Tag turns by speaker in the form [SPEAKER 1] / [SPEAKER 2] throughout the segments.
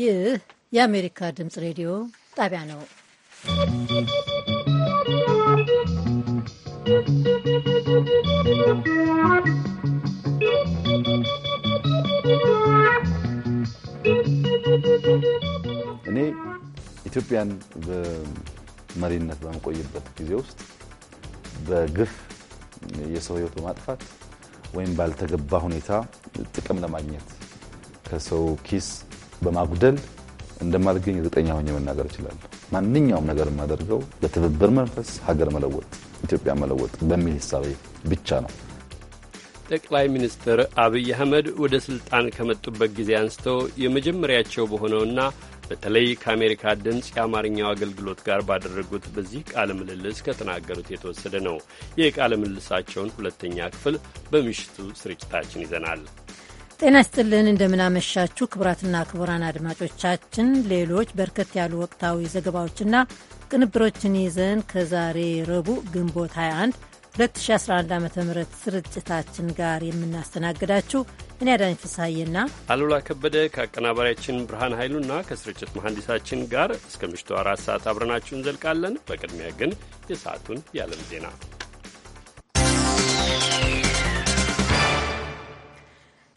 [SPEAKER 1] ይህ የአሜሪካ ድምፅ ሬዲዮ ጣቢያ ነው።
[SPEAKER 2] እኔ ኢትዮጵያን በመሪነት በመቆይበት ጊዜ ውስጥ በግፍ የሰው ሕይወት በማጥፋት ወይም ባልተገባ ሁኔታ ጥቅም ለማግኘት ከሰው ኪስ በማጉደል እንደማልገኝ እርግጠኛ ሆኜ መናገር እችላለሁ። ማንኛውም ነገር የማደርገው በትብብር መንፈስ ሀገር መለወጥ፣ ኢትዮጵያ መለወጥ በሚል ሂሳቤ ብቻ ነው።
[SPEAKER 3] ጠቅላይ ሚኒስትር አብይ አህመድ ወደ ስልጣን ከመጡበት ጊዜ አንስተው የመጀመሪያቸው በሆነውና በተለይ ከአሜሪካ ድምፅ የአማርኛው አገልግሎት ጋር ባደረጉት በዚህ ቃለ ምልልስ ከተናገሩት የተወሰደ ነው። የቃለ ምልልሳቸውን ሁለተኛ ክፍል በምሽቱ ስርጭታችን ይዘናል።
[SPEAKER 1] ጤና ይስጥልን እንደምናመሻችሁ ክቡራትና ክቡራን አድማጮቻችን ሌሎች በርከት ያሉ ወቅታዊ ዘገባዎችና ቅንብሮችን ይዘን ከዛሬ ረቡዕ ግንቦት 21 2011 ዓ ም ስርጭታችን ጋር የምናስተናግዳችሁ እኔ አዳኝ ፍሳዬና
[SPEAKER 3] አሉላ ከበደ ከአቀናባሪያችን ብርሃን ኃይሉና ከስርጭት መሐንዲሳችን ጋር እስከ ምሽቱ አራት ሰዓት አብረናችሁ እንዘልቃለን። በቅድሚያ ግን የሰዓቱን የዓለም ዜና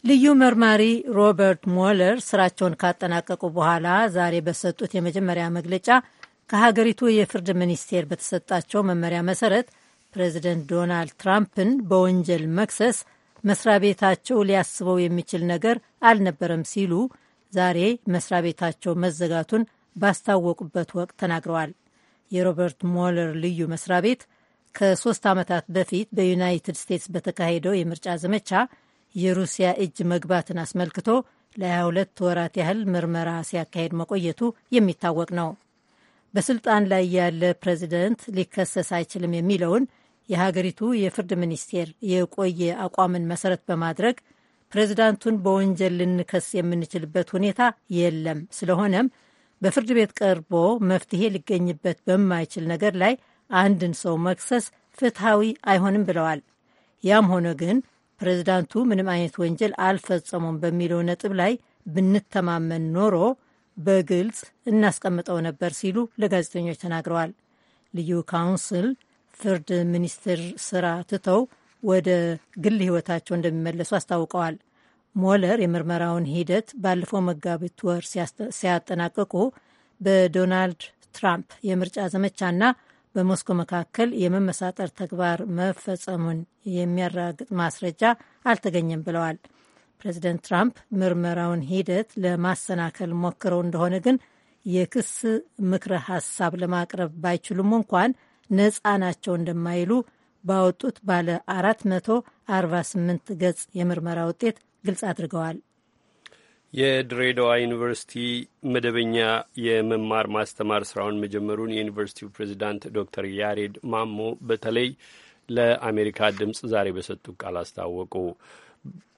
[SPEAKER 1] ልዩ መርማሪ ሮበርት ሞለር ስራቸውን ካጠናቀቁ በኋላ ዛሬ በሰጡት የመጀመሪያ መግለጫ ከሀገሪቱ የፍርድ ሚኒስቴር በተሰጣቸው መመሪያ መሰረት ፕሬዚደንት ዶናልድ ትራምፕን በወንጀል መክሰስ መስሪያ ቤታቸው ሊያስበው የሚችል ነገር አልነበረም ሲሉ ዛሬ መስሪያ ቤታቸው መዘጋቱን ባስታወቁበት ወቅት ተናግረዋል። የሮበርት ሞለር ልዩ መስሪያ ቤት ከሶስት ዓመታት በፊት በዩናይትድ ስቴትስ በተካሄደው የምርጫ ዘመቻ የሩሲያ እጅ መግባትን አስመልክቶ ለ22 ወራት ያህል ምርመራ ሲያካሄድ መቆየቱ የሚታወቅ ነው። በስልጣን ላይ ያለ ፕሬዚደንት ሊከሰስ አይችልም የሚለውን የሀገሪቱ የፍርድ ሚኒስቴር የቆየ አቋምን መሰረት በማድረግ ፕሬዚዳንቱን በወንጀል ልንከስ የምንችልበት ሁኔታ የለም። ስለሆነም በፍርድ ቤት ቀርቦ መፍትሄ ሊገኝበት በማይችል ነገር ላይ አንድን ሰው መክሰስ ፍትሐዊ አይሆንም ብለዋል። ያም ሆነ ግን ፕሬዚዳንቱ ምንም አይነት ወንጀል አልፈጸሙም በሚለው ነጥብ ላይ ብንተማመን ኖሮ በግልጽ እናስቀምጠው ነበር ሲሉ ለጋዜጠኞች ተናግረዋል። ልዩ ካውንስል ፍርድ ሚኒስቴር ስራ ትተው ወደ ግል ህይወታቸው እንደሚመለሱ አስታውቀዋል። ሞለር የምርመራውን ሂደት ባለፈው መጋቢት ወር ሲያጠናቅቁ በዶናልድ ትራምፕ የምርጫ ዘመቻና በሞስኮ መካከል የመመሳጠር ተግባር መፈጸሙን የሚያረጋግጥ ማስረጃ አልተገኘም ብለዋል። ፕሬዚደንት ትራምፕ ምርመራውን ሂደት ለማሰናከል ሞክረው እንደሆነ ግን የክስ ምክረ ሀሳብ ለማቅረብ ባይችሉም እንኳን ነፃ ናቸው እንደማይሉ ባወጡት ባለ 448 ገጽ የምርመራ ውጤት ግልጽ አድርገዋል።
[SPEAKER 3] የድሬዳዋ ዩኒቨርሲቲ መደበኛ የመማር ማስተማር ስራውን መጀመሩን የዩኒቨርሲቲው ፕሬዚዳንት ዶክተር ያሬድ ማሞ በተለይ ለአሜሪካ ድምፅ ዛሬ በሰጡ ቃል አስታወቁ።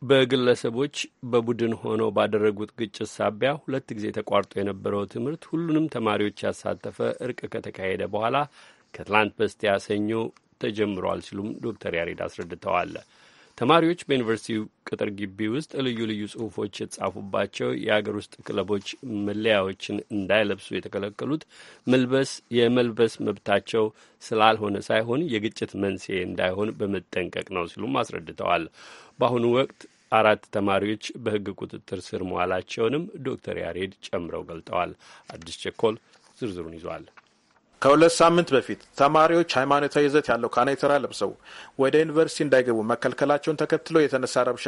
[SPEAKER 3] በግለሰቦች በቡድን ሆነው ባደረጉት ግጭት ሳቢያ ሁለት ጊዜ ተቋርጦ የነበረው ትምህርት ሁሉንም ተማሪዎች ያሳተፈ እርቅ ከተካሄደ በኋላ ከትላንት በስቲያ ሰኞ ተጀምሯል ሲሉም ዶክተር ያሬድ አስረድተዋል። ተማሪዎች በዩኒቨርሲቲው ቅጥር ግቢ ውስጥ ልዩ ልዩ ጽሑፎች የተጻፉባቸው የአገር ውስጥ ክለቦች መለያዎችን እንዳይለብሱ የተከለከሉት መልበስ የመልበስ መብታቸው ስላልሆነ ሳይሆን የግጭት መንስኤ እንዳይሆን በመጠንቀቅ ነው ሲሉም አስረድተዋል። በአሁኑ ወቅት አራት ተማሪዎች በሕግ ቁጥጥር ስር መዋላቸውንም ዶክተር ያሬድ ጨምረው ገልጠዋል።
[SPEAKER 4] አዲስ ቸኮል ዝርዝሩን ይዟል። ከሁለት ሳምንት በፊት ተማሪዎች ሃይማኖታዊ ይዘት ያለው ካናይተራ ለብሰው ወደ ዩኒቨርሲቲ እንዳይገቡ መከልከላቸውን ተከትሎ የተነሳ ረብሻ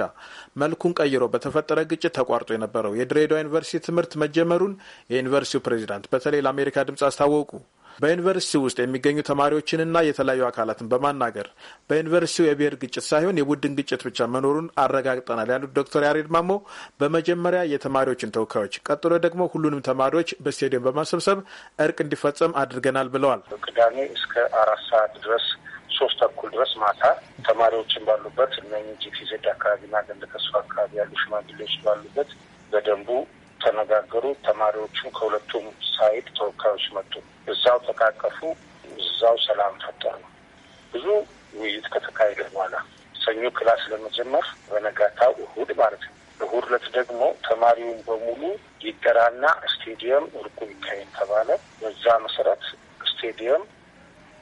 [SPEAKER 4] መልኩን ቀይሮ በተፈጠረ ግጭት ተቋርጦ የነበረው የድሬዳዋ ዩኒቨርሲቲ ትምህርት መጀመሩን የዩኒቨርሲቲው ፕሬዚዳንት በተለይ ለአሜሪካ ድምፅ አስታወቁ። በዩኒቨርሲቲ ውስጥ የሚገኙ ተማሪዎችንና የተለያዩ አካላትን በማናገር በዩኒቨርሲቲው የብሔር ግጭት ሳይሆን የቡድን ግጭት ብቻ መኖሩን አረጋግጠናል ያሉት ዶክተር ያሬድ ማሞ በመጀመሪያ የተማሪዎችን ተወካዮች፣ ቀጥሎ ደግሞ ሁሉንም ተማሪዎች በስቴዲየም በማሰብሰብ እርቅ እንዲፈጸም አድርገናል ብለዋል።
[SPEAKER 5] ቅዳሜ እስከ አራት ሰዓት ድረስ ሶስት ተኩል ድረስ ማታ ተማሪዎችን ባሉበት እነ ጂፒዜድ አካባቢና ገንደ ተስፋ አካባቢ ያሉ ሽማግሌዎች ባሉበት በደንቡ ተነጋገሩ። ተማሪዎቹም ከሁለቱም ሳይድ ተወካዮች መጡ። እዛው ተቃቀፉ፣ እዛው ሰላም ፈጠሩ።
[SPEAKER 6] ብዙ ውይይት ከተካሄደ በኋላ ሰኞ ክላስ ለመጀመር በነጋታው
[SPEAKER 5] እሁድ ማለት ነው። እሁድ ዕለት ደግሞ ተማሪውን በሙሉ ይጠራና ስቴዲየም እርቁ ይካሄድ ተባለ። በዛ መሰረት ስቴዲየም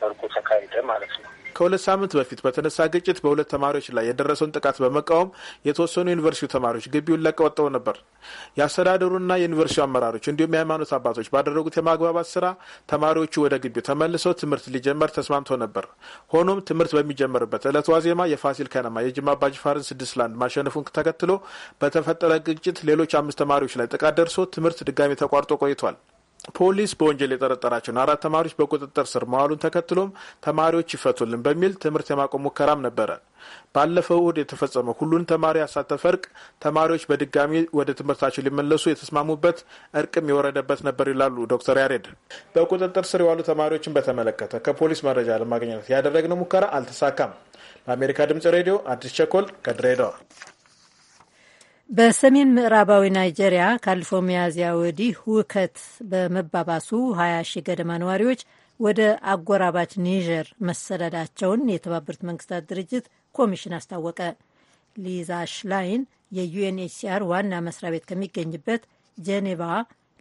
[SPEAKER 5] እርቁ ተካሄደ ማለት
[SPEAKER 4] ነው። ከሁለት ሳምንት በፊት በተነሳ ግጭት በሁለት ተማሪዎች ላይ የደረሰውን ጥቃት በመቃወም የተወሰኑ ዩኒቨርሲቲ ተማሪዎች ግቢውን ለቀው ወጥተው ነበር። የአስተዳደሩና የዩኒቨርሲቲ አመራሮች እንዲሁም የሃይማኖት አባቶች ባደረጉት የማግባባት ስራ ተማሪዎቹ ወደ ግቢው ተመልሰው ትምህርት ሊጀመር ተስማምቶ ነበር። ሆኖም ትምህርት በሚጀመርበት ዕለት ዋዜማ የፋሲል ከነማ የጅማ አባጅፋርን ስድስት ለአንድ ማሸነፉን ተከትሎ በተፈጠረ ግጭት ሌሎች አምስት ተማሪዎች ላይ ጥቃት ደርሶ ትምህርት ድጋሚ ተቋርጦ ቆይቷል። ፖሊስ በወንጀል የጠረጠራቸውን አራት ተማሪዎች በቁጥጥር ስር መዋሉን ተከትሎም ተማሪዎች ይፈቱልን በሚል ትምህርት የማቆም ሙከራም ነበረ። ባለፈው እሁድ የተፈጸመው ሁሉን ተማሪ ያሳተፈ እርቅ ተማሪዎች በድጋሚ ወደ ትምህርታቸው ሊመለሱ የተስማሙበት እርቅም የወረደበት ነበር ይላሉ ዶክተር ያሬድ። በቁጥጥር ስር የዋሉ ተማሪዎችን በተመለከተ ከፖሊስ መረጃ ለማግኘት ያደረግነው ሙከራ አልተሳካም። ለአሜሪካ ድምጽ ሬዲዮ አዲስ ቸኮል ከድሬዳዋ
[SPEAKER 1] በሰሜን ምዕራባዊ ናይጄሪያ ካለፈው ሚያዝያ ወዲህ ሁከት በመባባሱ 20 ሺህ ገደማ ነዋሪዎች ወደ አጎራባች ኒጀር መሰደዳቸውን የተባበሩት መንግስታት ድርጅት ኮሚሽን አስታወቀ። ሊዛ ሽላይን የዩኤንኤችሲአር ዋና መስሪያ ቤት ከሚገኝበት ጄኔቫ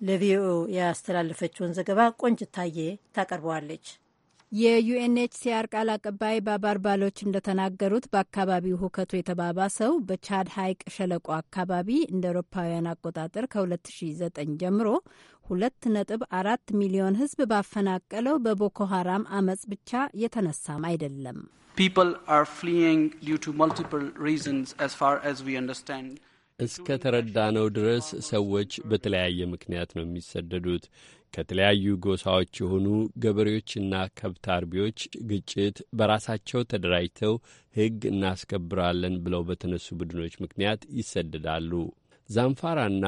[SPEAKER 1] ለቪኦኤ ያስተላለፈችውን ዘገባ ቆንጅታዬ ታቀርበዋለች። የዩኤንኤችሲአር ቃል አቀባይ ባባር ባሎች እንደተናገሩት በአካባቢው ሁከቱ የተባባሰው በቻድ ሐይቅ ሸለቆ አካባቢ እንደ አውሮፓውያን አቆጣጠር ከ2009 ጀምሮ 2.4 ሚሊዮን ሕዝብ ባፈናቀለው በቦኮ ሀራም አመጽ ብቻ የተነሳም
[SPEAKER 7] አይደለም።
[SPEAKER 3] እስከ ተረዳነው ድረስ ሰዎች በተለያየ ምክንያት ነው የሚሰደዱት። ከተለያዩ ጎሳዎች የሆኑ ገበሬዎችና ከብት አርቢዎች ግጭት በራሳቸው ተደራጅተው ሕግ እናስከብራለን ብለው በተነሱ ቡድኖች ምክንያት ይሰደዳሉ። ዛንፋራና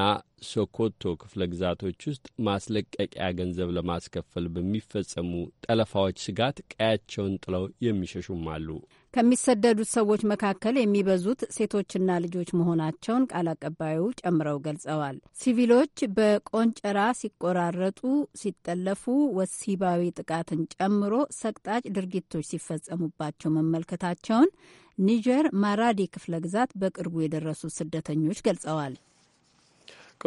[SPEAKER 3] ሶኮቶ ክፍለ ግዛቶች ውስጥ ማስለቀቂያ ገንዘብ ለማስከፈል በሚፈጸሙ ጠለፋዎች ስጋት ቀያቸውን ጥለው የሚሸሹም አሉ።
[SPEAKER 1] ከሚሰደዱት ሰዎች መካከል የሚበዙት ሴቶችና ልጆች መሆናቸውን ቃል አቀባዩ ጨምረው ገልጸዋል። ሲቪሎች በቆንጨራ ሲቆራረጡ፣ ሲጠለፉ፣ ወሲባዊ ጥቃትን ጨምሮ ሰቅጣጭ ድርጊቶች ሲፈጸሙባቸው መመልከታቸውን ኒጀር ማራዲ ክፍለ ግዛት በቅርቡ የደረሱ ስደተኞች ገልጸዋል።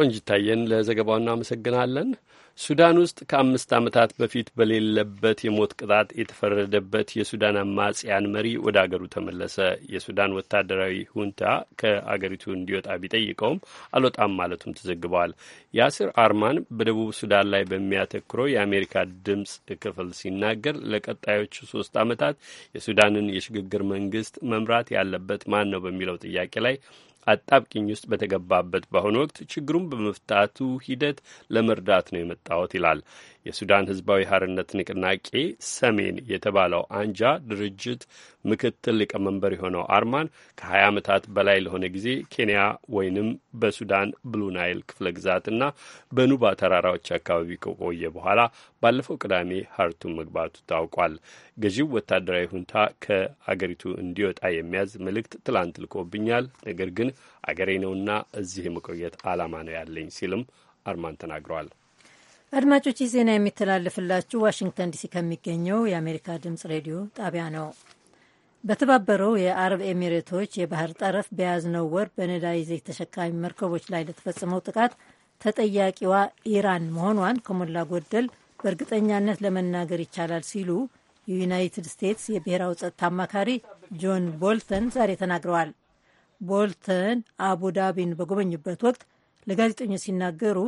[SPEAKER 3] ቆንጅታየን ለዘገባው እናመሰግናለን። ሱዳን ውስጥ ከአምስት ዓመታት በፊት በሌለበት የሞት ቅጣት የተፈረደበት የሱዳን አማጽያን መሪ ወደ አገሩ ተመለሰ። የሱዳን ወታደራዊ ሁንታ ከአገሪቱ እንዲወጣ ቢጠይቀውም አልወጣም ማለቱም ተዘግበዋል። ያሲር አርማን በደቡብ ሱዳን ላይ በሚያተኩረው የአሜሪካ ድምፅ ክፍል ሲናገር ለቀጣዮቹ ሶስት ዓመታት የሱዳንን የሽግግር መንግስት መምራት ያለበት ማን ነው በሚለው ጥያቄ ላይ አጣብቂኝ ውስጥ በተገባበት በአሁኑ ወቅት ችግሩን በመፍታቱ ሂደት ለመርዳት ነው የመጣሁት ይላል። የሱዳን ህዝባዊ ሀርነት ንቅናቄ ሰሜን የተባለው አንጃ ድርጅት ምክትል ሊቀመንበር የሆነው አርማን ከ20 ዓመታት በላይ ለሆነ ጊዜ ኬንያ ወይንም በሱዳን ብሉ ናይል ክፍለ ግዛትና በኑባ ተራራዎች አካባቢ ከቆየ በኋላ ባለፈው ቅዳሜ ሀርቱም መግባቱ ታውቋል። ገዢው ወታደራዊ ሁንታ ከአገሪቱ እንዲወጣ የሚያዝ መልእክት ትላንት ልኮብኛል፣ ነገር ግን አገሬ ነውና እዚህ የመቆየት ዓላማ ነው ያለኝ ሲልም አርማን ተናግሯል።
[SPEAKER 1] አድማጮች ይህ ዜና የሚተላለፍላችሁ ዋሽንግተን ዲሲ ከሚገኘው የአሜሪካ ድምጽ ሬዲዮ ጣቢያ ነው። በተባበረው የአረብ ኤሚሬቶች የባህር ጠረፍ በያዝነው ወር በነዳጅ ዘይት ተሸካሚ መርከቦች ላይ ለተፈጸመው ጥቃት ተጠያቂዋ ኢራን መሆኗን ከሞላ ጎደል በእርግጠኛነት ለመናገር ይቻላል ሲሉ የዩናይትድ ስቴትስ የብሔራዊ ጸጥታ አማካሪ ጆን ቦልተን ዛሬ ተናግረዋል። ቦልተን አቡዳቢን በጎበኙበት ወቅት ለጋዜጠኞች ሲናገሩ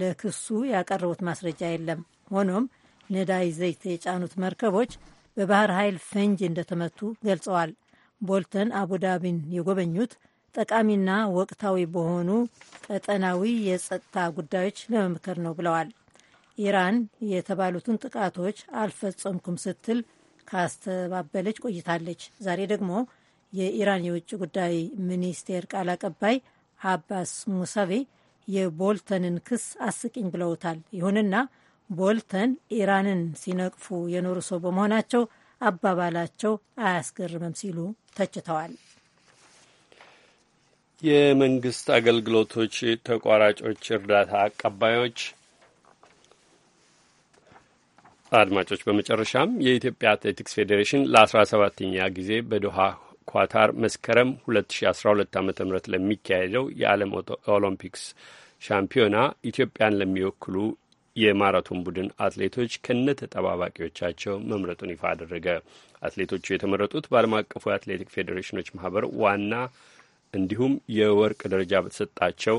[SPEAKER 1] ለክሱ ያቀረቡት ማስረጃ የለም። ሆኖም ነዳጅ ዘይት የጫኑት መርከቦች በባህር ኃይል ፈንጅ እንደተመቱ ገልጸዋል። ቦልተን አቡዳቢን የጎበኙት ጠቃሚና ወቅታዊ በሆኑ ቀጠናዊ የጸጥታ ጉዳዮች ለመምከር ነው ብለዋል። ኢራን የተባሉትን ጥቃቶች አልፈጸምኩም ስትል ካስተባበለች ቆይታለች። ዛሬ ደግሞ የኢራን የውጭ ጉዳይ ሚኒስቴር ቃል አቀባይ አባስ ሙሳቬ የቦልተንን ክስ አስቂኝ ብለውታል። ይሁንና ቦልተን ኢራንን ሲነቅፉ የኖሩ ሰው በመሆናቸው አባባላቸው አያስገርምም ሲሉ ተችተዋል።
[SPEAKER 3] የመንግስት አገልግሎቶች ተቋራጮች እርዳታ አቀባዮች አድማጮች በመጨረሻም የኢትዮጵያ አትሌቲክስ ፌዴሬሽን ለ ሰባተኛ ጊዜ በዶሃ ኳታር መስከረም 2012 ዓ ም ለሚካሄደው የዓለም ኦሎምፒክስ ሻምፒዮና ኢትዮጵያን ለሚወክሉ የማራቶን ቡድን አትሌቶች ከነ ተጠባባቂዎቻቸው መምረጡን ይፋ አደረገ። አትሌቶቹ የተመረጡት በዓለም አቀፉ የአትሌቲክ ፌዴሬሽኖች ማህበር ዋና እንዲሁም የወርቅ ደረጃ በተሰጣቸው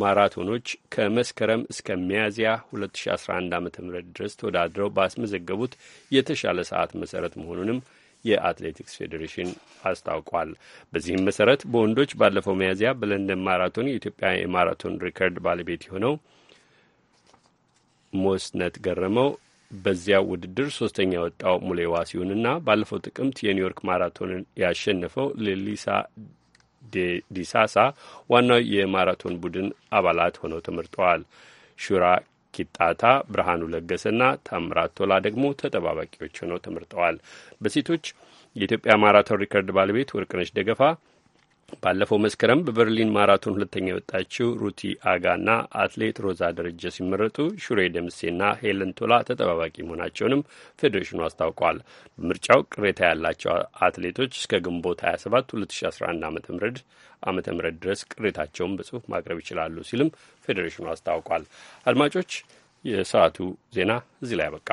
[SPEAKER 3] ማራቶኖች ከመስከረም እስከ ሚያዝያ 2011 ዓ ም ድረስ ተወዳድረው ባስመዘገቡት የተሻለ ሰዓት መሰረት መሆኑንም የአትሌቲክስ ፌዴሬሽን አስታውቋል። በዚህም መሰረት በወንዶች ባለፈው መያዝያ በለንደን ማራቶን የኢትዮጵያ የማራቶን ሪከርድ ባለቤት የሆነው ሞስነት ገረመው በዚያው ውድድር ሶስተኛ ወጣው ሙሌዋ ሲሆንና ባለፈው ጥቅምት የኒውዮርክ ማራቶንን ያሸነፈው ሌሊሳ ዲሳሳ ዋናው የማራቶን ቡድን አባላት ሆነው ተመርጠዋል። ሹራ ኪጣታ ብርሃኑ ለገሰና ታምራት ቶላ ደግሞ ተጠባባቂዎች ሆነው ተመርጠዋል። በሴቶች የኢትዮጵያ ማራቶን ሪከርድ ባለቤት ወርቅነሽ ደገፋ ባለፈው መስከረም በበርሊን ማራቶን ሁለተኛ የወጣችው ሩቲ አጋና አትሌት ሮዛ ደረጀ ሲመረጡ ሹሬ ደምሴና ሄለን ቶላ ተጠባባቂ መሆናቸውንም ፌዴሬሽኑ አስታውቋል። በምርጫው ቅሬታ ያላቸው አትሌቶች እስከ ግንቦት 27 2011 ዓ ም ድረስ ቅሬታቸውን በጽሁፍ ማቅረብ ይችላሉ ሲልም ፌዴሬሽኑ አስታውቋል። አድማጮች፣ የሰዓቱ ዜና እዚህ ላይ አበቃ።